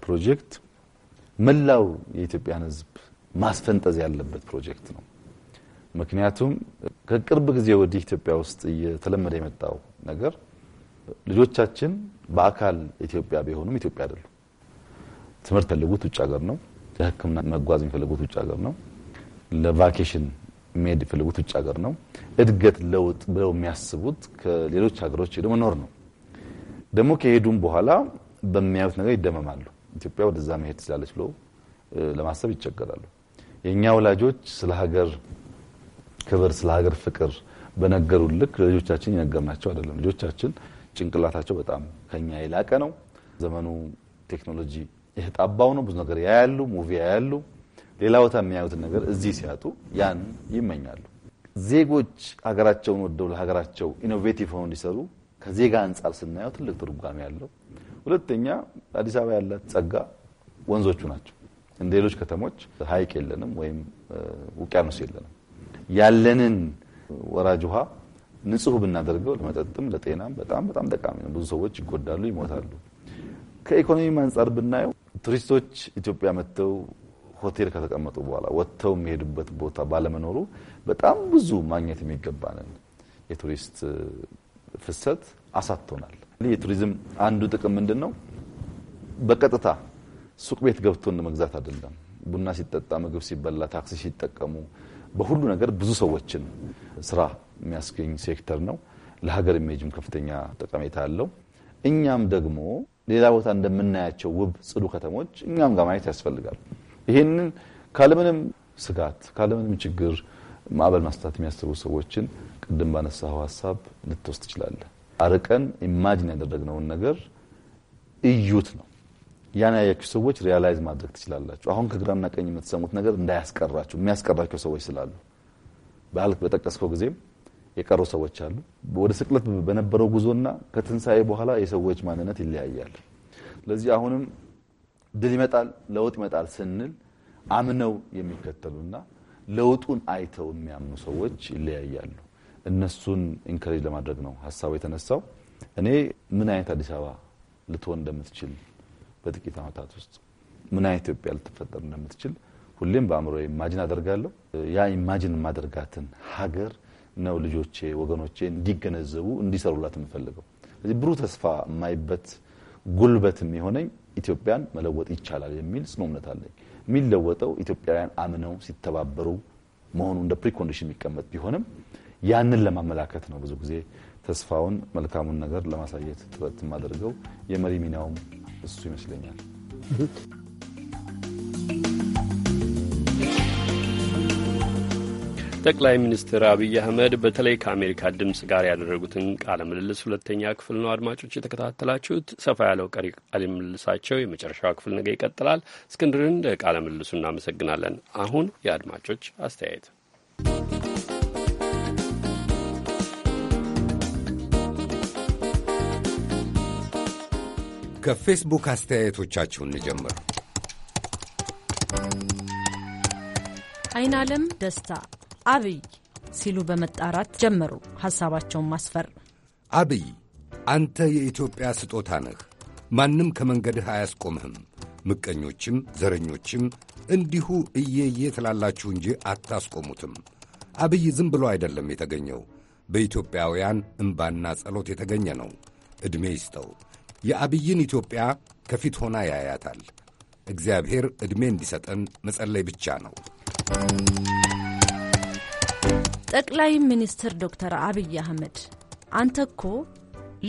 [SPEAKER 2] ፕሮጀክት መላው የኢትዮጵያን ሕዝብ ማስፈንጠዝ ያለበት ፕሮጀክት ነው። ምክንያቱም ከቅርብ ጊዜ ወዲህ ኢትዮጵያ ውስጥ እየተለመደ የመጣው ነገር ልጆቻችን በአካል ኢትዮጵያ ቢሆኑም ኢትዮጵያ አይደሉም። ትምህርት ፈልጉት ውጭ ሀገር ነው። ለሕክምና መጓዝ የሚፈልጉት ውጭ ሀገር ነው። ለቫኬሽን መሄድ የሚፈልጉት ውጭ ሀገር ነው። እድገት ለውጥ ብለው የሚያስቡት ከሌሎች ሀገሮች ሄዶ መኖር ነው። ደግሞ ከሄዱም በኋላ በሚያዩት ነገር ይደመማሉ። ኢትዮጵያ ወደዛ መሄድ ትችላለች ብሎ ለማሰብ ይቸገራሉ። የእኛ ወላጆች ስለ ሀገር ክብር፣ ስለ ሀገር ፍቅር በነገሩ ልክ ለልጆቻችን የነገርናቸው አይደለም። ልጆቻችን ጭንቅላታቸው በጣም ከኛ የላቀ ነው። ዘመኑ ቴክኖሎጂ የተጣባው ነው። ብዙ ነገር ያያሉ፣ ሙቪ ያያሉ። ሌላ ቦታ የሚያዩትን ነገር እዚህ ሲያጡ ያን ይመኛሉ። ዜጎች ሀገራቸውን ወደው ለሀገራቸው ኢኖቬቲቭ ሆነው እንዲሰሩ ከዜጋ አንጻር ስናየው ትልቅ ትርጓሜ ያለው። ሁለተኛ አዲስ አበባ ያላት ጸጋ ወንዞቹ ናቸው። እንደ ሌሎች ከተሞች ሀይቅ የለንም ወይም ውቅያኖስ የለንም። ያለንን ወራጅ ውሃ ንጹህ ብናደርገው ለመጠጥም ለጤናም በጣም በጣም ጠቃሚ ነው። ብዙ ሰዎች ይጎዳሉ፣ ይሞታሉ። ከኢኮኖሚም አንጻር ብናየው ቱሪስቶች ኢትዮጵያ መጥተው ሆቴል ከተቀመጡ በኋላ ወጥተው የሚሄዱበት ቦታ ባለመኖሩ በጣም ብዙ ማግኘት የሚገባንን የቱሪስት ፍሰት አሳጥቶናል። የቱሪዝም አንዱ ጥቅም ምንድን ነው? በቀጥታ ሱቅ ቤት ገብቶ መግዛት አይደለም። ቡና ሲጠጣ፣ ምግብ ሲበላ፣ ታክሲ ሲጠቀሙ፣ በሁሉ ነገር ብዙ ሰዎችን ስራ የሚያስገኝ ሴክተር ነው። ለሀገር ኢሜጅም ከፍተኛ ጠቀሜታ አለው። እኛም ደግሞ ሌላ ቦታ እንደምናያቸው ውብ ጽዱ ከተሞች እኛም ጋር ማየት ያስፈልጋል። ይህንን ካለምንም ስጋት ካለምንም ችግር ማዕበል ማስታት የሚያስቡ ሰዎችን ቅድም ባነሳው ሀሳብ ልትወስድ ትችላለ አርቀን ኢማጂን ያደረግነውን ነገር እዩት ነው። ያን ያያችሁ ሰዎች ሪያላይዝ ማድረግ ትችላላችሁ። አሁን ከግራና ቀኝ የምትሰሙት ነገር እንዳያስቀራችሁ የሚያስቀራቸው ሰዎች ስላሉ በአልክ በጠቀስከው ጊዜም የቀሩ ሰዎች አሉ። ወደ ስቅለት በነበረው ጉዞና ከትንሣኤ በኋላ የሰዎች ማንነት ይለያያል። ስለዚህ አሁንም ድል ይመጣል፣ ለውጥ ይመጣል ስንል አምነው የሚከተሉና ለውጡን አይተው የሚያምኑ ሰዎች ይለያያሉ። እነሱን ኢንከሬጅ ለማድረግ ነው ሀሳቡ የተነሳው። እኔ ምን አይነት አዲስ አበባ ልትሆን እንደምትችል በጥቂት ዓመታት ውስጥ ምን አይነት ኢትዮጵያ ልትፈጠር እንደምትችል ሁሌም በአእምሮ ኢማጂን አደርጋለሁ። ያ ኢማጂን ማደርጋትን ሀገር ነው ልጆቼ ወገኖቼ እንዲገነዘቡ እንዲሰሩላት የምፈልገው። ስለዚህ ብሩህ ተስፋ የማይበት ጉልበት የሚሆነኝ ኢትዮጵያን መለወጥ ይቻላል የሚል ጽኑ እምነት አለኝ። የሚለወጠው ኢትዮጵያውያን አምነው ሲተባበሩ መሆኑ እንደ ፕሪኮንዲሽን የሚቀመጥ ቢሆንም ያንን ለማመላከት ነው ብዙ ጊዜ ተስፋውን መልካሙን ነገር ለማሳየት ጥረት የማደርገው የመሪ ሚናውም እሱ ይመስለኛል።
[SPEAKER 3] ጠቅላይ ሚኒስትር አብይ አህመድ በተለይ ከአሜሪካ ድምፅ ጋር ያደረጉትን ቃለ ምልልስ ሁለተኛ ክፍል ነው አድማጮች የተከታተላችሁት። ሰፋ ያለው ቀሪ ቃለ ምልልሳቸው የመጨረሻው ክፍል ነገ ይቀጥላል። እስክንድርን ለቃለ ምልልሱ እናመሰግናለን። አሁን የአድማጮች አስተያየት
[SPEAKER 13] ከፌስቡክ አስተያየቶቻችሁን እንጀምር።
[SPEAKER 12] አይናለም ደስታ አብይ ሲሉ በመጣራት ጀመሩ ሐሳባቸውን ማስፈር።
[SPEAKER 13] አብይ አንተ የኢትዮጵያ ስጦታ ነህ። ማንም ከመንገድህ አያስቆምህም። ምቀኞችም ዘረኞችም እንዲሁ እየየ ትላላችሁ እንጂ አታስቆሙትም። አብይ ዝም ብሎ አይደለም የተገኘው፣ በኢትዮጵያውያን እምባና ጸሎት የተገኘ ነው። ዕድሜ ይስጠው። የአብይን ኢትዮጵያ ከፊት ሆና ያያታል። እግዚአብሔር ዕድሜ እንዲሰጠን መጸለይ ብቻ ነው።
[SPEAKER 12] ጠቅላይ ሚኒስትር ዶክተር አብይ አህመድ አንተ እኮ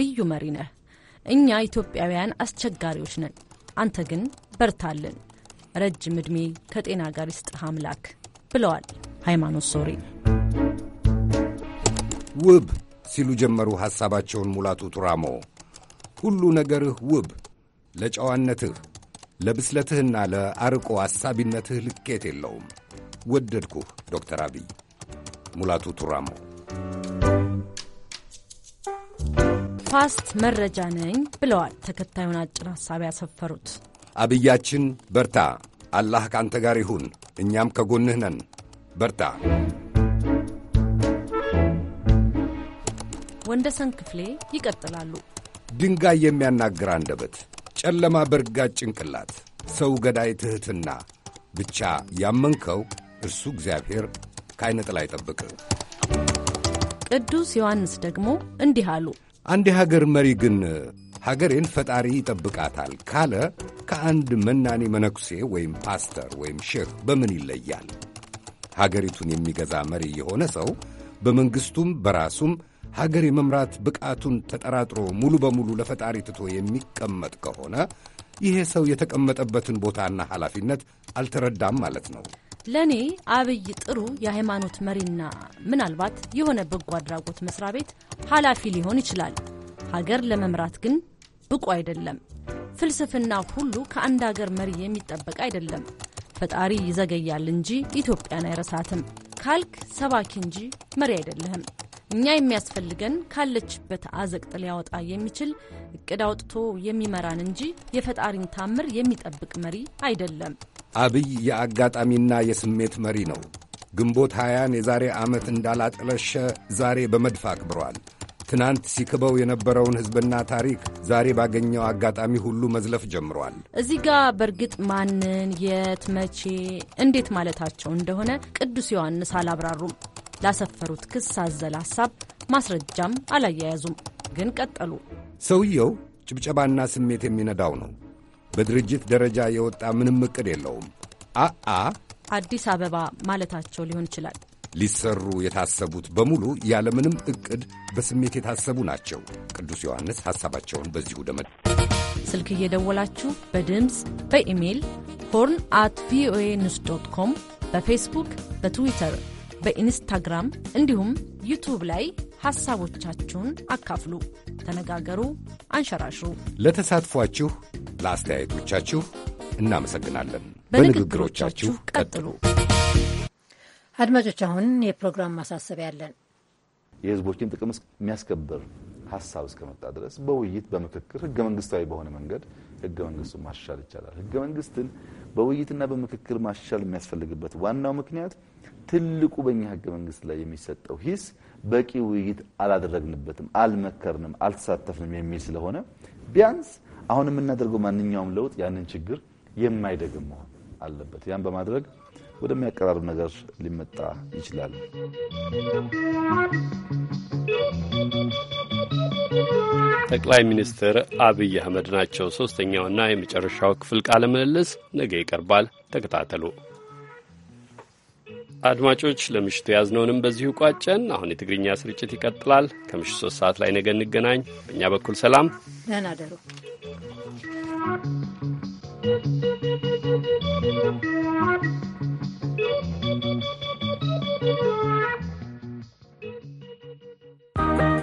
[SPEAKER 12] ልዩ መሪ ነህ። እኛ ኢትዮጵያውያን አስቸጋሪዎች ነን። አንተ ግን በርታልን። ረጅም ዕድሜ ከጤና ጋር ይስጥህ አምላክ ብለዋል ሃይማኖት ሶሪ።
[SPEAKER 13] ውብ ሲሉ ጀመሩ ሐሳባቸውን ሙላቱ ቱራሞ። ሁሉ ነገርህ ውብ፣ ለጨዋነትህ ለብስለትህና ለአርቆ አሳቢነትህ ልኬት የለውም። ወደድኩህ ዶክተር አብይ። ሙላቱ ቱራሞ
[SPEAKER 12] ፋስት መረጃ ነኝ ብለዋል። ተከታዩን አጭር ሐሳብ ያሰፈሩት
[SPEAKER 13] አብያችን በርታ፣ አላህ ከአንተ ጋር ይሁን፣ እኛም ከጎንህ ነን፣ በርታ።
[SPEAKER 12] ወንደሰን ክፍሌ ይቀጥላሉ።
[SPEAKER 13] ድንጋይ የሚያናግር አንደበት፣ ጨለማ በርጋጭ ጭንቅላት፣ ሰው ገዳይ ትሕትና፣ ብቻ ያመንከው እርሱ እግዚአብሔር ከዐይነ ጥላ አይጠብቅህ።
[SPEAKER 12] ቅዱስ ዮሐንስ ደግሞ እንዲህ አሉ።
[SPEAKER 13] አንድ የሀገር መሪ ግን ሀገሬን ፈጣሪ ይጠብቃታል ካለ ከአንድ መናኔ መነኩሴ ወይም ፓስተር ወይም ሼህ በምን ይለያል? ሀገሪቱን የሚገዛ መሪ የሆነ ሰው በመንግሥቱም በራሱም ሀገር የመምራት ብቃቱን ተጠራጥሮ ሙሉ በሙሉ ለፈጣሪ ትቶ የሚቀመጥ ከሆነ ይሄ ሰው የተቀመጠበትን ቦታና ኃላፊነት አልተረዳም ማለት ነው።
[SPEAKER 12] ለእኔ አብይ ጥሩ የሃይማኖት መሪና ምናልባት የሆነ በጎ አድራጎት መስሪያ ቤት ኃላፊ ሊሆን ይችላል። ሀገር ለመምራት ግን ብቁ አይደለም። ፍልስፍና ሁሉ ከአንድ ሀገር መሪ የሚጠበቅ አይደለም። ፈጣሪ ይዘገያል እንጂ ኢትዮጵያን አይረሳትም ካልክ ሰባኪ እንጂ መሪ አይደለህም። እኛ የሚያስፈልገን ካለችበት አዘቅጥ ሊያወጣ የሚችል እቅድ አውጥቶ የሚመራን እንጂ የፈጣሪን ታምር የሚጠብቅ መሪ አይደለም።
[SPEAKER 13] አብይ የአጋጣሚና የስሜት መሪ ነው። ግንቦት ሀያን የዛሬ ዓመት እንዳላጠለሸ ዛሬ በመድፍ አክብሯል። ትናንት ሲክበው የነበረውን ሕዝብና ታሪክ ዛሬ ባገኘው አጋጣሚ ሁሉ መዝለፍ ጀምሯል።
[SPEAKER 12] እዚህ ጋር በእርግጥ ማንን፣ የት፣ መቼ፣ እንዴት ማለታቸው እንደሆነ ቅዱስ ዮሐንስ አላብራሩም። ላሰፈሩት ክስ አዘል ሀሳብ ማስረጃም አላያያዙም። ግን ቀጠሉ።
[SPEAKER 13] ሰውየው ጭብጨባና ስሜት የሚነዳው ነው። በድርጅት ደረጃ የወጣ ምንም እቅድ የለውም። አአ
[SPEAKER 12] አዲስ አበባ ማለታቸው ሊሆን ይችላል።
[SPEAKER 13] ሊሰሩ የታሰቡት በሙሉ ያለምንም ዕቅድ በስሜት የታሰቡ ናቸው። ቅዱስ ዮሐንስ ሐሳባቸውን በዚሁ ደመድ
[SPEAKER 12] ስልክ እየደወላችሁ በድምፅ በኢሜይል ሆርን አት ቪኦኤ ኒውስ ዶት ኮም በፌስቡክ በትዊተር በኢንስታግራም እንዲሁም ዩቱብ ላይ ሐሳቦቻችሁን አካፍሉ፣ ተነጋገሩ፣
[SPEAKER 1] አንሸራሽሩ።
[SPEAKER 13] ለተሳትፏችሁ፣ ለአስተያየቶቻችሁ እናመሰግናለን።
[SPEAKER 1] በንግግሮቻችሁ ቀጥሉ። አድማጮች፣ አሁን የፕሮግራም ማሳሰቢያ ያለን
[SPEAKER 2] የህዝቦችን ጥቅም የሚያስከብር ሀሳብ እስከመጣ ድረስ በውይይት በምክክር ህገ መንግስታዊ በሆነ መንገድ ህገ መንግስቱን ማሻሻል ይቻላል። ህገ መንግስትን በውይይትና በምክክር ማሻሻል የሚያስፈልግበት ዋናው ምክንያት ትልቁ በእኛ ህገ መንግስት ላይ የሚሰጠው ሂስ በቂ ውይይት አላደረግንበትም፣ አልመከርንም፣ አልተሳተፍንም የሚል ስለሆነ ቢያንስ አሁን የምናደርገው ማንኛውም ለውጥ ያንን ችግር የማይደግም መሆን አለበት። ያን በማድረግ ወደሚያቀራርብ ነገር ሊመጣ ይችላል።
[SPEAKER 3] ጠቅላይ ሚኒስትር አብይ አህመድ ናቸው። ሶስተኛውና የመጨረሻው ክፍል ቃለ ምልልስ ነገ ይቀርባል። ተከታተሉ። አድማጮች ለምሽቱ ያዝነውንም በዚሁ ቋጨን። አሁን የትግርኛ ስርጭት ይቀጥላል። ከምሽቱ ሶስት ሰዓት ላይ ነገ እንገናኝ። በእኛ በኩል ሰላም፣
[SPEAKER 1] ደህና
[SPEAKER 6] ደሩ።